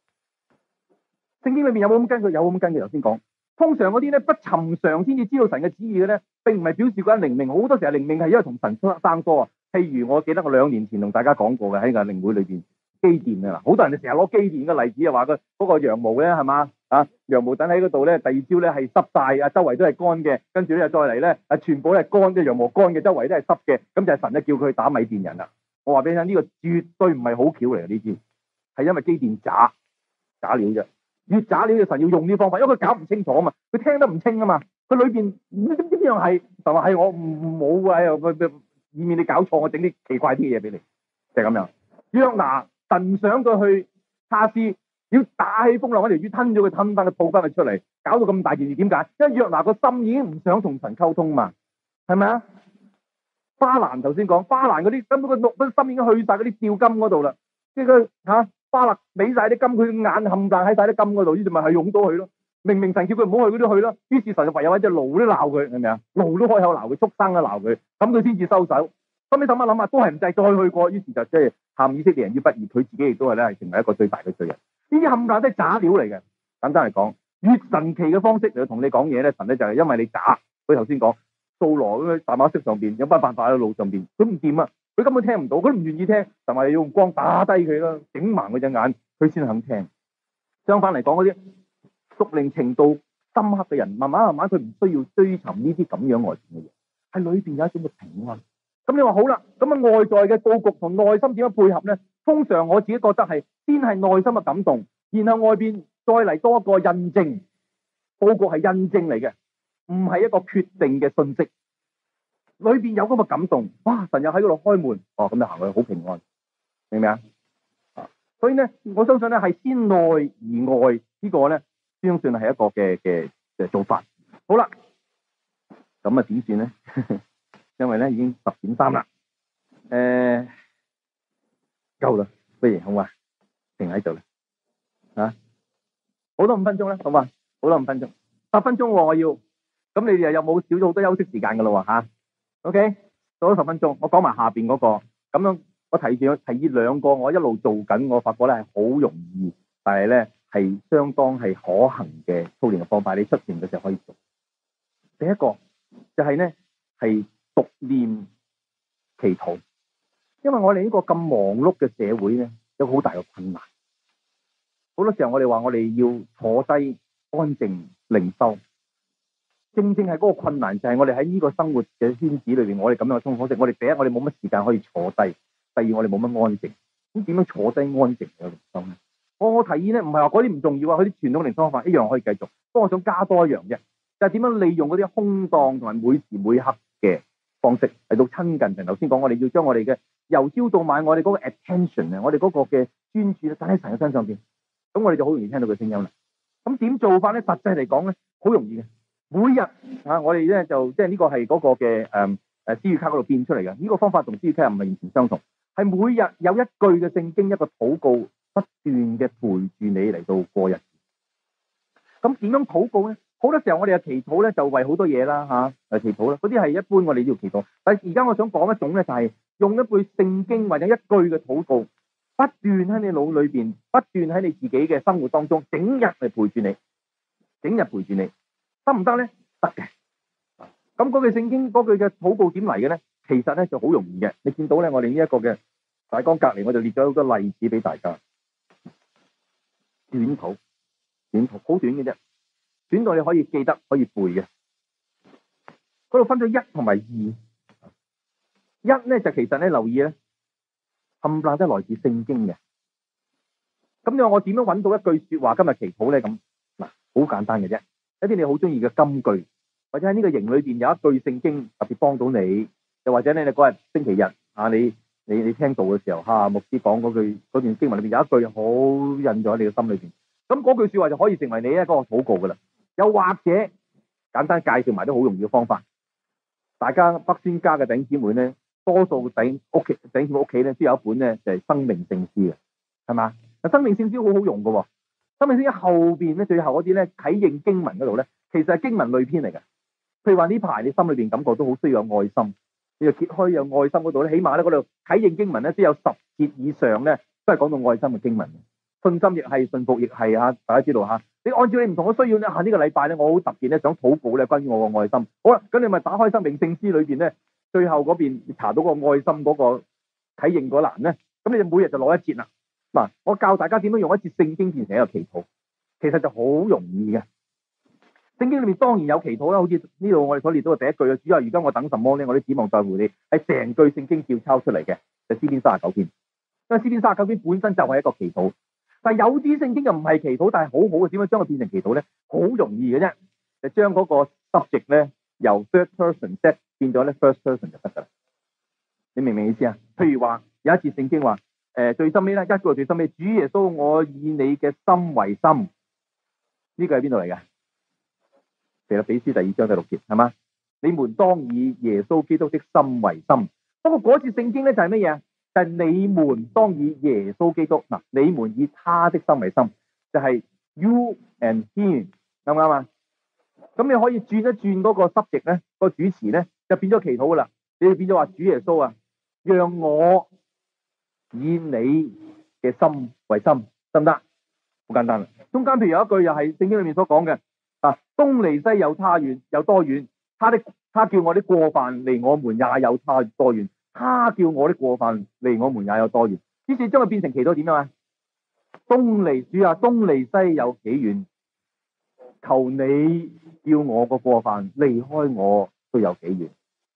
聖經裏面有冇咁根據？有咁根據。頭先講，通常嗰啲咧不尋常先至知道神嘅旨意嘅咧，並唔係表示嗰啲靈命，好多時候靈命係因為同神生疏啊。譬如我記得我兩年前同大家講過嘅，喺個靈會裏邊基甸嘅啦，好多人就成日攞基甸嘅例子啊，話嗰個羊毛咧係嘛。啊，羊毛等喺嗰度咧，第二朝咧係濕晒，啊周圍都係乾嘅，跟住咧又再嚟咧，啊全部咧乾即係羊毛乾嘅，周圍都係濕嘅，咁就係神就叫佢去打米甸人啦。我話俾你聽呢、這個絕對唔係好巧嚟，呢招係因為基甸渣渣料啫，越渣料嘅神要用呢方法，因為佢搞唔清楚啊嘛，佢聽得唔清啊嘛，佢裏邊點樣係就話係我冇啊，又以免你搞錯，我整啲奇怪啲嘢俾你，就係、是、咁樣。約拿神想佢去哈斯。要打起風浪，搵條魚吞咗佢，吞翻佢，吐翻佢出嚟，搞到咁大件事，點解？因為約拿個心已經唔想同神溝通嘛，係咪啊？巴蘭頭先講，巴蘭嗰啲根本個心已經去晒嗰啲吊金嗰度啦，即係佢吓巴勒畀晒啲金，佢眼冚晒喺晒啲金嗰度，呢啲咪係勇到佢咯。明明神叫佢唔好去嗰啲去咯，於是神就唯有搵隻驢都鬧佢，係咪啊？驢都開口鬧佢，畜生都鬧佢，咁佢先至收手。後尾諗一諗下，都係唔制再去過，於是就即係陷以色列人於不義，佢自己亦都係咧，係成為一個最大嘅罪人。呢啲冚唪唥係假料嚟嘅。簡單嚟講，越神奇嘅方式嚟同你講嘢咧，神咧就係因為你假。佢頭先講掃羅咁樣大馬色上邊有班辦法喺路上邊，佢唔掂啊，佢根本聽唔到，佢唔願意聽，同埋，要用光打低佢咯，整盲佢隻眼，佢先肯聽。相反嚟講，嗰啲屬靈程度深刻嘅人，慢慢慢慢佢唔需要追尋呢啲咁樣外邊嘅嘢，係裏邊有一種嘅平安。咁你話好啦，咁啊外在嘅佈局同內心點樣配合咧？通常我自己覺得係先係內心嘅感動，然後外邊再嚟多一個印證，報告係印證嚟嘅，唔係一個決定嘅訊息。裏邊有咁嘅感動，哇！神又喺嗰度開門，哦，咁就行去好平安，明唔明啊？所以咧，我相信咧係先內而外，這個，呢個咧，先算係一個嘅嘅嘅做法。好啦，咁啊點算咧？ 因為咧已經十點三啦，誒、呃。夠啦，不如好嘛？停喺度啦，吓，好多五分鐘啦，好嘛？好多五分鐘，十分鐘我要，咁你哋又有冇少咗好多休息時間噶啦，吓？OK，到咗十分鐘，我講埋下邊嗰個，咁樣我提住提議兩個，我一路做緊，我發覺咧係好容易，但係咧係相當係可行嘅操練嘅方法，你出年嘅時候可以做。第一個就係咧係讀念祈禱。因為我哋呢個咁忙碌嘅社會咧，有好大嘅困難。好多時候我哋話我哋要坐低安靜靈修，正正係嗰個困難就係我哋喺呢個生活嘅圈子裏邊，我哋咁樣嘅生活方式。我哋第一，我哋冇乜時間可以坐低，第二，我哋冇乜安靜。咁點樣坐低安靜嘅靈修咧？我我提議咧，唔係話嗰啲唔重要啊，佢啲傳統嘅靈修方法一樣可以繼續。不過我想加多一樣啫，就係點樣利用嗰啲空檔同埋每時每刻嘅方式嚟到親近。頭先講我哋要將我哋嘅。由朝到晚，我哋嗰個 attention 啊，我哋嗰個嘅專注咧，帶喺神嘅身上邊，咁我哋就好容易聽到佢聲音啦。咁點做法咧？實際嚟講咧，好容易嘅。每日吓、啊，我哋咧就即係呢個係嗰個嘅誒誒，私、嗯、語、啊、卡嗰度變出嚟嘅。呢、這個方法同私語卡唔係完全相同，係每日有一句嘅聖經，一個禱告，不斷嘅陪住你嚟到過日。咁點樣禱告咧？好多時候我哋嘅祈禱咧，就為好多嘢啦吓，誒、啊呃、祈禱啦，嗰啲係一般我哋都要祈禱。但係而家我想講一種咧、就是，就係。用一句聖經或者一句嘅禱告，不斷喺你腦裏邊，不斷喺你自己嘅生活當中，整日嚟陪住你，整日陪住你，得唔得咧？得嘅。咁嗰句聖經嗰句嘅禱告點嚟嘅咧？其實咧就好容易嘅。你見到咧，我哋呢一個嘅大綱隔籬，我就列咗一個例子俾大家。短禱，短禱，好短嘅啫，短到你可以記得，可以背嘅。嗰度分咗一同埋二。一咧就其實咧留意咧，冚唪唥都係來自聖經嘅。咁你話我點樣揾到一句說話今日祈禱咧？咁嗱，好簡單嘅啫。一啲你好中意嘅金句，或者喺呢個營裏面有一句聖經特別幫到你，又或者咧你嗰日星期日啊，你你你聽道嘅時候吓牧師講嗰句嗰段經文裏面有一句好印咗喺你嘅心裏面。咁嗰句說話就可以成為你一個禱告噶啦。又或者簡單介紹埋啲好容易嘅方法，大家北宣家嘅弟兄姊妹咧。多數嘅仔屋企仔女屋企咧，都有一本咧，就係《生命聖詩》嘅，係嘛？嗱，《生命聖詩》好好用嘅，《生命聖詩》後邊咧，最後嗰啲咧，啟應經文嗰度咧，其實係經文類篇嚟嘅。譬如話呢排你心裏邊感覺都好需要有愛心，你就揭開有愛心嗰度咧，起碼咧嗰度啟應經文咧，都有十節以上咧，都係講到愛心嘅經文。信心亦係，信服亦係啊！大家知道吓，你按照你唔同嘅需要咧，下呢個禮拜咧，我好特別咧，想禱告咧，關於我嘅愛心。好啦，咁你咪打開《生命聖詩》裏邊咧。最後嗰邊查到個愛心嗰個啟應嗰欄咧，咁你每日就攞一節啦。嗱，我教大家點樣用一節聖經變成一個祈禱，其實就好容易嘅。聖經裏面當然有祈禱啦，好似呢度我哋所列到嘅第一句啊，主啊，如今我等什麼咧？我哋指望在乎你，係成句聖經照抄出嚟嘅，就詩篇三十九篇。因為詩篇三十九篇本身就係一個祈禱，但有啲聖經又唔係祈禱，但係好好嘅，點樣將佢變成祈禱咧？好容易嘅啫，就將嗰個 subject 咧，由 third person set。變咗咧，first person 就得㗎啦。你明唔明意思啊？譬如話有一次聖經話，誒最深屘咧，一個最深屘，主耶穌，我以你嘅心為心。呢個喺邊度嚟噶？腓立比書第二章第六節係嘛？你們當以耶穌基督的心為心。不過嗰次聖經咧就係乜嘢啊？就係你們當以耶穌基督嗱，你們以他的心為心，就係 you and him，啱唔啱啊？咁你可以轉一轉嗰個 subject 咧，個主詞咧。就變咗祈禱噶啦，你哋變咗話主耶穌啊，讓我以你嘅心為心得唔得？好簡單啊！中間譬如有一句又係聖經裏面所講嘅啊，東離西有差遠有多遠？他的他叫我啲過犯離我們也有差多遠？他叫我啲過犯離我們也，也有多遠？於是將佢變成祈禱點樣啊？東離主啊，東離西有幾遠？求你叫我個過犯離開我都有幾遠？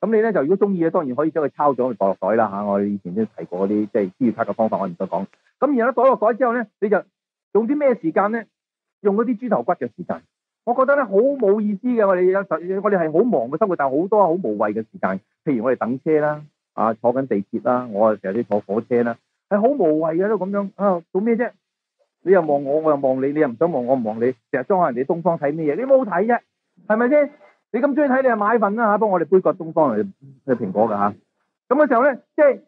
咁你咧就如果中意咧，當然可以將佢抄咗去袋落袋啦吓。我以前都提過嗰啲即係資料卡嘅方法，我唔使講。咁然後咧袋落袋，袋之後咧，你就用啲咩時間咧？用嗰啲豬頭骨嘅時間，我覺得咧好冇意思嘅。我哋係我哋係好忙嘅生活，但係好多好無謂嘅時間，譬如我哋等車啦，啊坐緊地鐵啦，我啊成日都坐火車啦，係、啊、好無謂嘅都咁樣啊，做咩啫？你又望我，我又望你，你又唔想望我，我唔望你，成日裝下人哋東方睇咩嘢？你冇睇啫，係咪先？你咁中意睇，你啊買份啦嚇，幫我哋杯葛東方啊，咩蘋果噶嚇。咁嘅時候咧，即係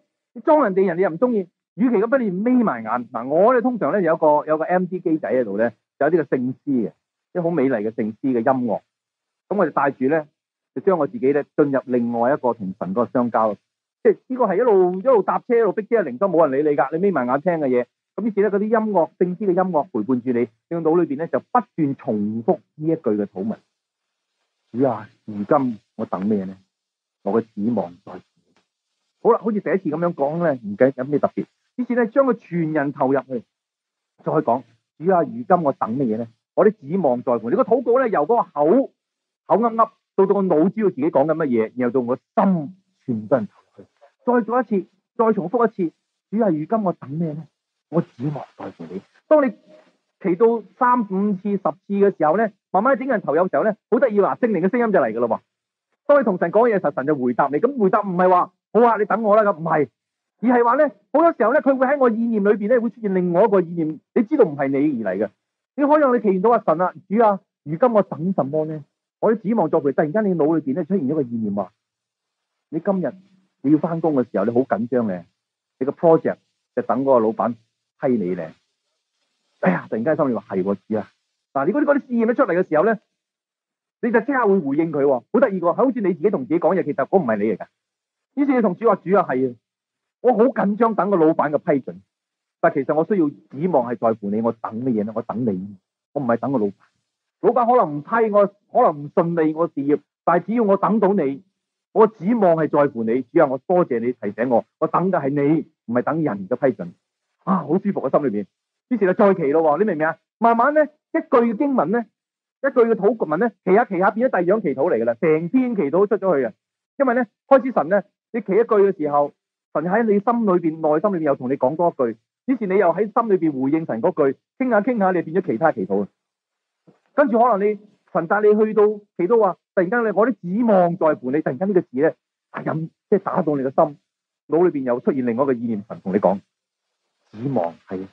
裝人哋，人哋又唔中意。與其咁，不如眯埋眼。嗱，我咧通常咧有個有個 MD 機仔喺度咧，就有啲個聖詩嘅，啲好美麗嘅聖詩嘅音樂。咁我就帶住咧，就將我自己咧進入另外一個同神嗰個相交咯。即係呢個係一路一路搭車一路逼車嘅靈歌，都冇人理你㗎。你眯埋眼聽嘅嘢，咁於是咧，嗰啲音樂聖詩嘅音樂陪伴住你，你腦裏邊咧就不斷重複呢一句嘅口文。主啊，如今我等咩呢？我嘅指望在乎你。好啦，好似第一次咁樣講咧，唔計有咩特別。呢次咧，將個全人投入去，再講。主啊，如今我等咩嘢呢？我啲指望在乎你。你，這個禱告咧，由嗰個口口噏噏，到到個腦知道自己講緊乜嘢，然後到我心全部人投入去。再做一次，再重複一次。主啊，如今我等咩呢？我指望在乎你。當你。期到三五次、十次嘅時候咧，慢慢整個人投入嘅時候咧，好得意啦！聖靈嘅聲音就嚟噶啦喎。當你同神講嘢，神就回答你。咁回答唔係話好啊，你等我啦咁，唔係，而係話咧，好多時候咧，佢會喺我意念裏邊咧，會出現另外一個意念。你知道唔係你而嚟嘅。你可能你祈願到阿神啊、主啊，如今我等什麼呢？我指望作主。突然間你腦裏邊咧出現一個意念話，你今日你要翻工嘅時候，你好緊張嘅，你個 project 就等嗰個老闆批你咧。哎呀！突然間心裏話係喎，主啊！嗱，如果你嗰啲試驗一出嚟嘅時候咧，你就即刻會回應佢、哦，好得意個，好似你自己同自己講嘢。其實我唔係你嚟嘅，於是你同主話：主啊，係啊！我好緊張等個老闆嘅批准，但其實我需要指望係在乎你。我等乜嘢咧？我等你，我唔係等個老闆。老闆可能唔批我，可能唔順利我事業，但係只要我等到你，我指望係在乎你。主啊，我多謝你提醒我，我等嘅係你，唔係等人嘅批准。啊，好舒服個、啊、心裏邊。於是就再祈咯，你明唔明啊？慢慢咧，一句嘅經文咧，一句嘅禱告文咧，祈下祈下變咗第二樣祈禱嚟噶啦，成篇祈禱出咗去啊！因為咧，開始神咧，你祈一句嘅時候，神喺你心裏邊、內心裏邊又同你講多一句，於是你又喺心裏邊回應神嗰句，傾下傾下，你變咗其他祈禱。跟住可能你神帶你去到祈禱話，突然間你我啲指望在乎你，突然間呢個字咧，哎呀，即係打動你嘅心，腦裏邊又出現另外一個意念神同你講，指望係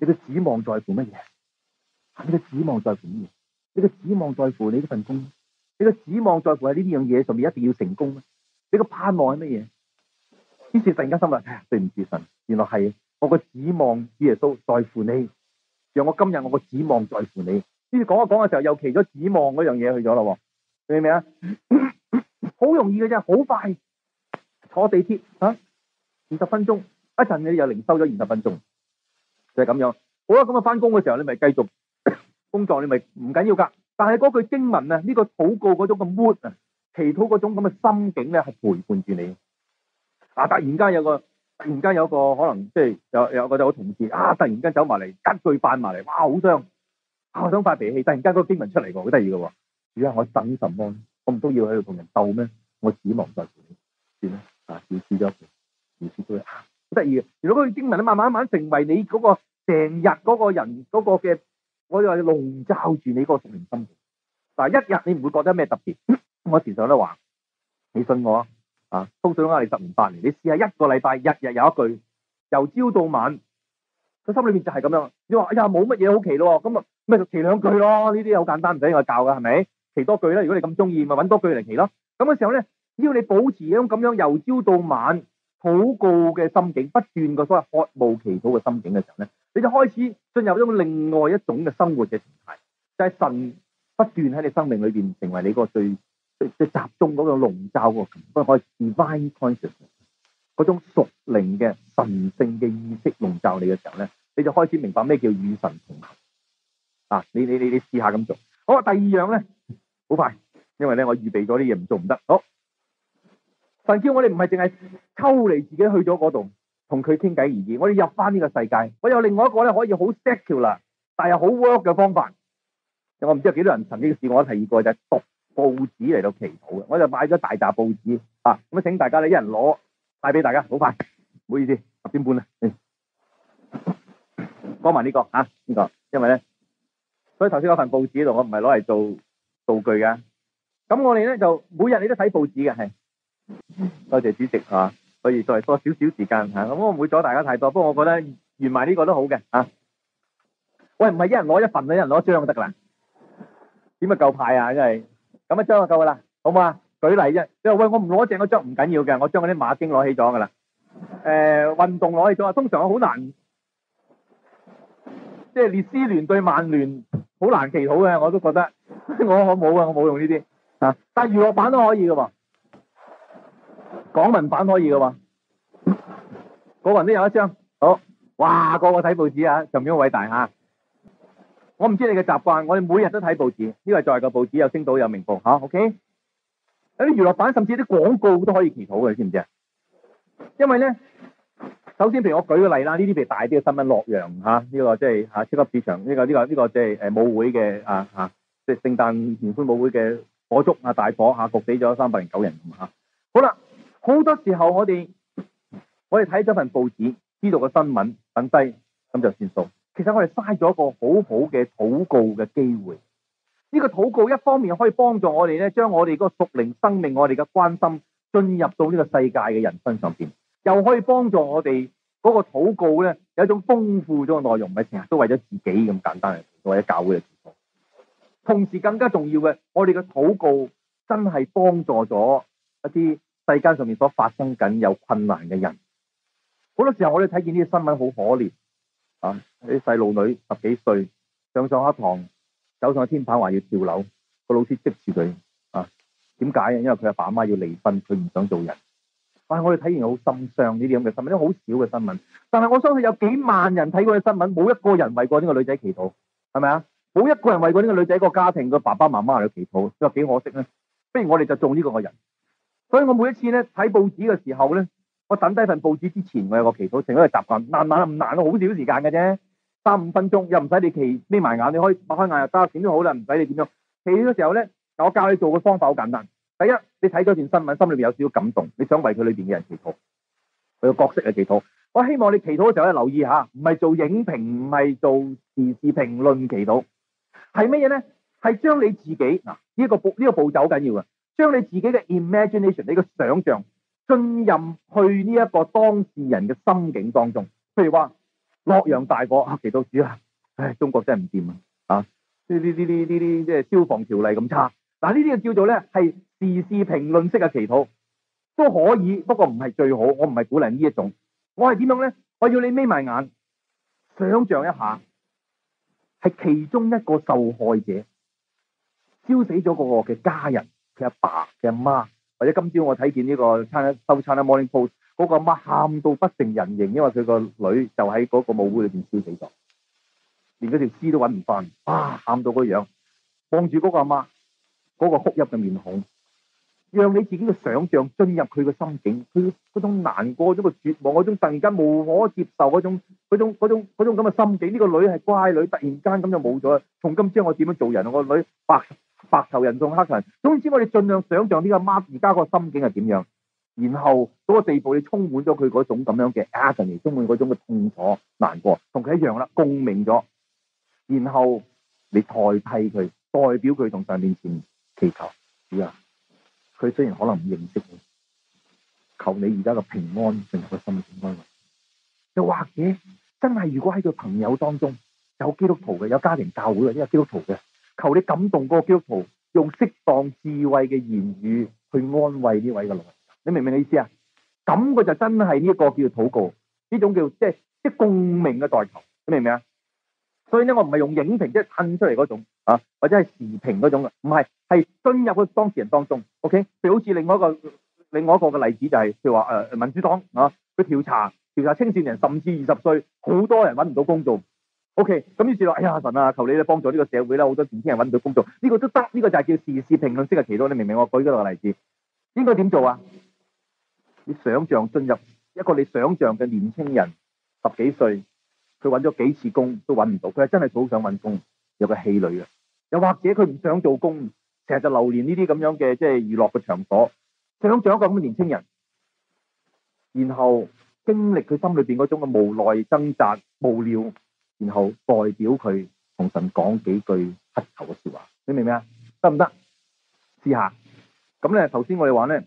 你個指望在乎乜嘢？你個指望在乎乜嘢？你個指望在乎你呢份工？你個指望在乎係呢啲樣嘢上面一定要成功咩？你個盼望係乜嘢？於是突然間心諗：哎呀對唔住神，原來係我個指望，耶穌在乎你。讓我今日我個指望在乎你。於住講一講嘅時候又歧咗指望嗰樣嘢去咗啦。你明唔明啊？好容易嘅啫，好快坐地鐵啊，二十分鐘一陣你又靈修咗二十分鐘。就咁樣，好啦，咁啊翻工嘅時候你咪繼續工作，你咪唔緊要噶。但係嗰句經文啊，呢個禱告嗰種嘅 mood 啊，祈禱嗰種咁嘅心境咧，係陪伴住你。啊，突然間有個突然間有個可能，即係有有個有個同事啊，突然間走埋嚟，一句翻埋嚟，哇，好傷，啊我想發脾氣。突然間個經文出嚟喎，好得意嘅。如果我等什麼？我唔都要喺度同人鬥咩？我的指望在乎你，算啦，啊，要輸咗，要試都好得意，如果嗰句經文你慢慢慢成為你嗰、那個成日嗰個人嗰、那個嘅，我話籠罩住你嗰個屬靈生活。嗱，一日你唔會覺得咩特別？嗯、我時常都話，你信我啊，通常你十年八年，你試下一個禮拜日日有一句，由朝到晚，佢心裏面就係咁樣。你話哎呀，冇乜嘢好奇咯，咁啊就，就奇兩句咯？呢啲好簡單，唔使我教嘅係咪？奇多句啦。如果你咁中意，咪揾多句嚟奇咯。咁嘅時候咧，只要你保持咁樣，由朝到晚。禱告嘅心境，不斷個所謂渴慕祈禱嘅心境嘅時候咧，你就開始進入一種另外一種嘅生活嘅狀態，就係、是、神不斷喺你生命裏邊成為你個最最，最集中嗰個籠罩個，所以可以 divine consciousness，嗰種屬靈嘅神聖嘅意識籠罩你嘅時候咧，你就開始明白咩叫與神同行。啊，你你你你試下咁做。好啊，第二樣咧，好快，因為咧我預備咗啲嘢唔做唔得。好。神叫我哋唔係淨係抽離自己去咗嗰度同佢傾偈而已，我哋入翻呢個世界，我有另外一個咧可以好 secular 啦，但係又好 work 嘅方法。我唔知有幾多人曾經試過我提議過就係讀報紙嚟到祈禱嘅，我就買咗大紮報紙啊咁啊，請大家咧一人攞帶俾大家，好快，唔好意思，十點半啦，講埋呢個吓呢個，因為咧，所以頭先嗰份報紙度我唔係攞嚟做道具噶，咁我哋咧就每日你都睇報紙嘅係。多謝主席吓，可、啊、以再多少少時間吓，咁、啊、我唔會阻大家太多，不過我覺得完埋呢個都好嘅吓、啊。喂，唔係一人攞一份，一人攞一張就得噶啦，點啊夠派啊，真係，咁啊張啊夠噶啦，好唔好啊？舉例啫，你、啊、喂，我唔攞正嗰張唔緊要嘅，我將嗰啲馬經攞起咗噶啦，誒、呃，運動攞起咗啊，通常我好難，即、就、係、是、列斯聯對曼聯好難祈禱嘅，我都覺得我我冇我冇用呢啲啊，但係娛樂版都可以噶喎。港聞版可以嘅話，個人都有一張，好，哇！個個睇報紙啊，上面樣偉大嚇、啊，我唔知你嘅習慣，我哋每日都睇報紙，呢、這個在嘅報紙有《星島》有《明報》嚇、啊，OK？有啲娛樂版，甚至啲廣告都可以祈禱嘅，你知唔知啊？因為咧，首先譬如我舉個例啦，呢啲譬如大啲嘅新聞，洛陽嚇呢個即係嚇超級市場呢、這個呢、這個呢、這個即係誒舞會嘅啊嚇，即係聖誕年歡舞會嘅火燭啊大火嚇、啊，焗死咗三百零九人咁嚇、啊啊，好啦。好多時候我哋我哋睇咗份報紙，知道個新聞抌低咁就算數。其實我哋嘥咗一個很好好嘅禱告嘅機會。呢個禱告一方面可以幫助我哋咧，將我哋個屬靈生命、我哋嘅關心進入到呢個世界嘅人身上邊，又可以幫助我哋嗰個禱告咧有一種豐富咗嘅內容，咪成日都為咗自己咁簡單嚟做，或者教會嘅事。同時更加重要嘅，我哋嘅禱告真係幫助咗一啲。世間上面所發生緊有困難嘅人，好多時候我哋睇見呢啲新聞好可憐啊，啲細路女十幾歲上上一堂走上個天棚話要跳樓，個老師即住佢啊？點解啊？因為佢阿爸阿媽要離婚，佢唔想做人。但、哎、啊，我哋睇完好心傷呢啲咁嘅，甚至啲好少嘅新聞。但係我相信有幾萬人睇過嘅新聞，冇一個人為過呢個女仔祈禱，係咪啊？冇一個人為過呢個女仔個家庭個爸爸媽媽嚟祈禱，佢話幾可惜呢？不如我哋就做呢個嘅人。所以我每一次咧睇報紙嘅時候咧，我抌低份報紙之前，我有個祈禱，成為一個習慣。難唔難？唔難，好少時間嘅啫，三五分鐘，又唔使你祈眯埋眼，你可以擘開眼又得，點都好啦，唔使你點樣。祈禱嘅時候咧，嗱，我教你做嘅方法好簡單。第一，你睇咗段新聞，心裏邊有少少感動，你想為佢裏邊嘅人祈禱，佢個角色嚟祈禱。我希望你祈禱嘅時候咧，留意吓，唔係做影評，唔係做時事評論祈禱，係咩嘢咧？係將你自己嗱呢個步呢個步驟好緊要嘅。將你自己嘅 imagination，你個想象，進入去呢一個當事人嘅心境當中。譬如話洛陽大火，啊、祈禱，主啊！唉、哎，中國真係唔掂啊！啊，呢呢呢呢呢啲即係消防條例咁差。嗱、啊，呢啲叫做咧係時事評論式嘅祈禱，都可以，不過唔係最好。我唔係鼓勵呢一種。我係點樣咧？我要你眯埋眼，想象一下，係其中一個受害者燒死咗個嘅家人。佢阿爸、佢阿媽，或者今朝我睇見呢個餐收餐啊，Morning Post 嗰個阿媽喊到不成人形，因為佢個女就喺嗰個舞會裏邊燒死咗，連嗰條屍都揾唔翻，哇！喊到個樣，望住嗰個阿媽嗰個哭泣嘅面孔，讓你自己嘅想像進入佢嘅心境，佢嗰種難過、嗰種絕望、嗰種突然間無可接受、嗰種、嗰種、嗰種、嗰種咁嘅心境。呢個女係乖女，突然間咁就冇咗，從今朝我點樣做人？我女百。白頭人送黑頭人，總之我哋盡量想象呢個媽而家個心境係點樣，然後到個地步你充滿咗佢嗰種咁樣嘅 agony，甚至充滿嗰種嘅痛苦、難過，同佢一樣啦，共鳴咗，然後你代替佢，代表佢同上面前祈求主啊，佢雖然可能唔認識你，求你而家個平安，進行個心境安，又或者真係如果喺個朋友當中有基督徒嘅，有家庭教會或者有基督徒嘅。求你感動嗰個基督徒，用適當智慧嘅言語去安慰呢位嘅女，你明唔明我意思啊？咁佢就真係呢一個叫禱告，呢種叫即係即係共鳴嘅代求，你明唔明啊？所以咧，我唔係用影評即係襯出嚟嗰種啊，或者係時評嗰種嘅，唔係係進入嗰當事人當中。OK，譬如好似另外一個另外一個嘅例子就係、是，譬如話誒民主黨啊，佢調查調查青少年甚至二十歲，好多人揾唔到工作。O K，咁於是話：哎呀，神啊，求你咧幫助呢個社會啦！好多年輕人揾唔到工作，呢個都得，呢個就係叫時事評論式嘅祈禱。你明唔明我舉嗰個例子？應該點做啊？你想象進入一個你想象嘅年輕人，十幾歲，佢揾咗幾次工都揾唔到，佢係真係好想揾工，有個氣餒啊。又或者佢唔想做工，成日就流連呢啲咁樣嘅即係娛樂嘅場所。想象一個咁嘅年輕人，然後經歷佢心裏邊嗰種嘅無奈掙扎、無聊。然後代表佢同神講幾句乞頭嘅說話，你明唔明、呃、啊？得唔得？試下咁咧，頭先我哋話咧，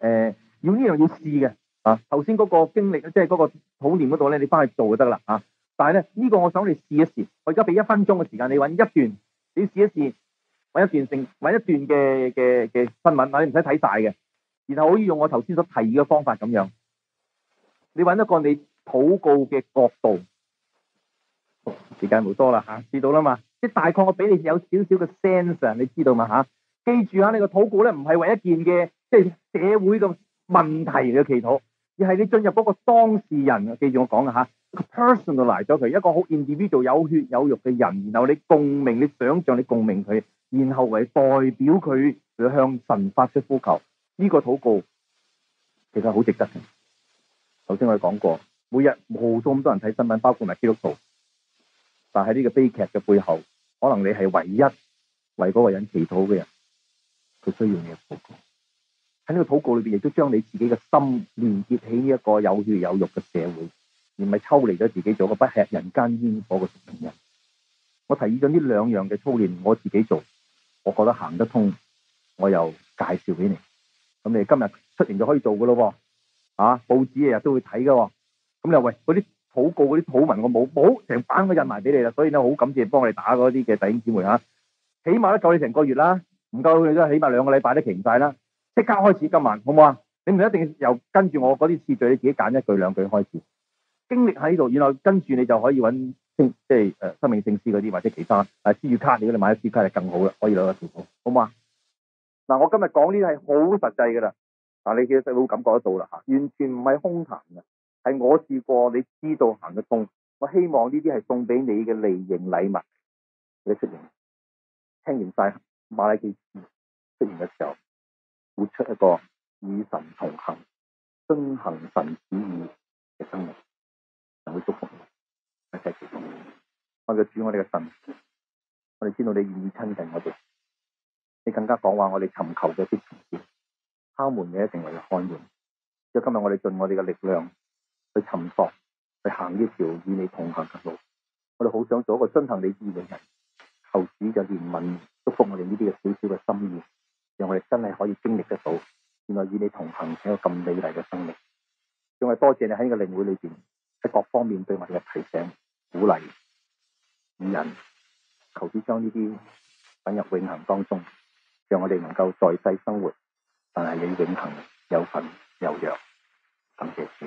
誒要呢樣要試嘅啊。頭先嗰個經歷，即係嗰個禱念嗰度咧，你翻去做就得啦啊。但係咧呢、呢個我想你試一試，我而家俾一分鐘嘅時間你搵一段，你試一試搵一段性，搵一段嘅嘅嘅新聞，啊、你唔使睇晒嘅，然後可以用我頭先所提議嘅方法咁樣，你搵一個你禱告嘅角度。時間冇多啦吓，知道啦嘛，即係大概我俾你有少少嘅 sense，你知道嘛吓？記住啊，你個禱告咧唔係為一件嘅即係社會嘅問題嘅祈禱，而係你進入嗰個當事人，記住我講嘅吓，個 person 就嚟咗佢一個好 individual 有血有肉嘅人，然後你共鳴，你想象，你共鳴佢，然後為代表佢去向神發出呼求，呢個禱告其實好值得嘅。頭先我哋講過，每日無數咁多人睇新聞，包括埋基督徒。但喺呢個悲劇嘅背後，可能你係唯一為嗰個人祈禱嘅人，佢需要你嘅禱告。喺呢個禱告裏邊，亦都將你自己嘅心連結起呢一個有血有肉嘅社會，而唔係抽離咗自己做一個不吃人間煙火嘅聖人。我提議咗呢兩樣嘅操練，我自己做，我覺得行得通，我又介紹俾你。咁你今日出年就可以做噶咯、哦，啊，報紙日日都會睇噶、哦，咁又喂啲。土告嗰啲土文我冇，好成版都印埋俾你啦，所以咧好感謝幫我哋打嗰啲嘅弟兄姊妹吓、啊，起碼都夠你成個月啦，唔夠你都起碼兩個禮拜都停晒啦，即刻開始今晚好唔好啊？你唔一定要由跟住我嗰啲次序，你自己揀一句兩句開始，經歷喺度，原來跟住你就可以揾即係誒、呃、生命證書嗰啲或者其他誒資料卡，如果你買咗資料卡就更好啦，可以攞嚟付好唔好啊？嗱，我今日講呢啲係好實際噶啦，嗱你其實會感覺得到啦吓、啊，完全唔係空談噶係我試過，你知道行得通。我希望呢啲係送俾你嘅利盈禮物。你出現，聽完晒馬拉基出現嘅時候，活出一個與神同行、遵行神旨意嘅生命，神會祝福你。我哋嘅主，我哋嘅神，我哋知道你願意親近我哋，你更加講話我哋尋求嘅啲情門，敲門嘅一定嚟開門。所以今日我哋盡我哋嘅力量，去尋索，去行呢條與你同行嘅路，我哋好想做一個遵行你意嘅人。求主就憐憫，祝福我哋呢啲嘅小小嘅心意，讓我哋真係可以經歷得到原來與你同行係一個咁美麗嘅生命。仲係多謝你喺呢個靈會裏邊喺各方面對我哋嘅提醒、鼓勵、引人，求主將呢啲引入永恆當中，讓我哋能夠在世生活，但係你永恆有份有約。感謝主。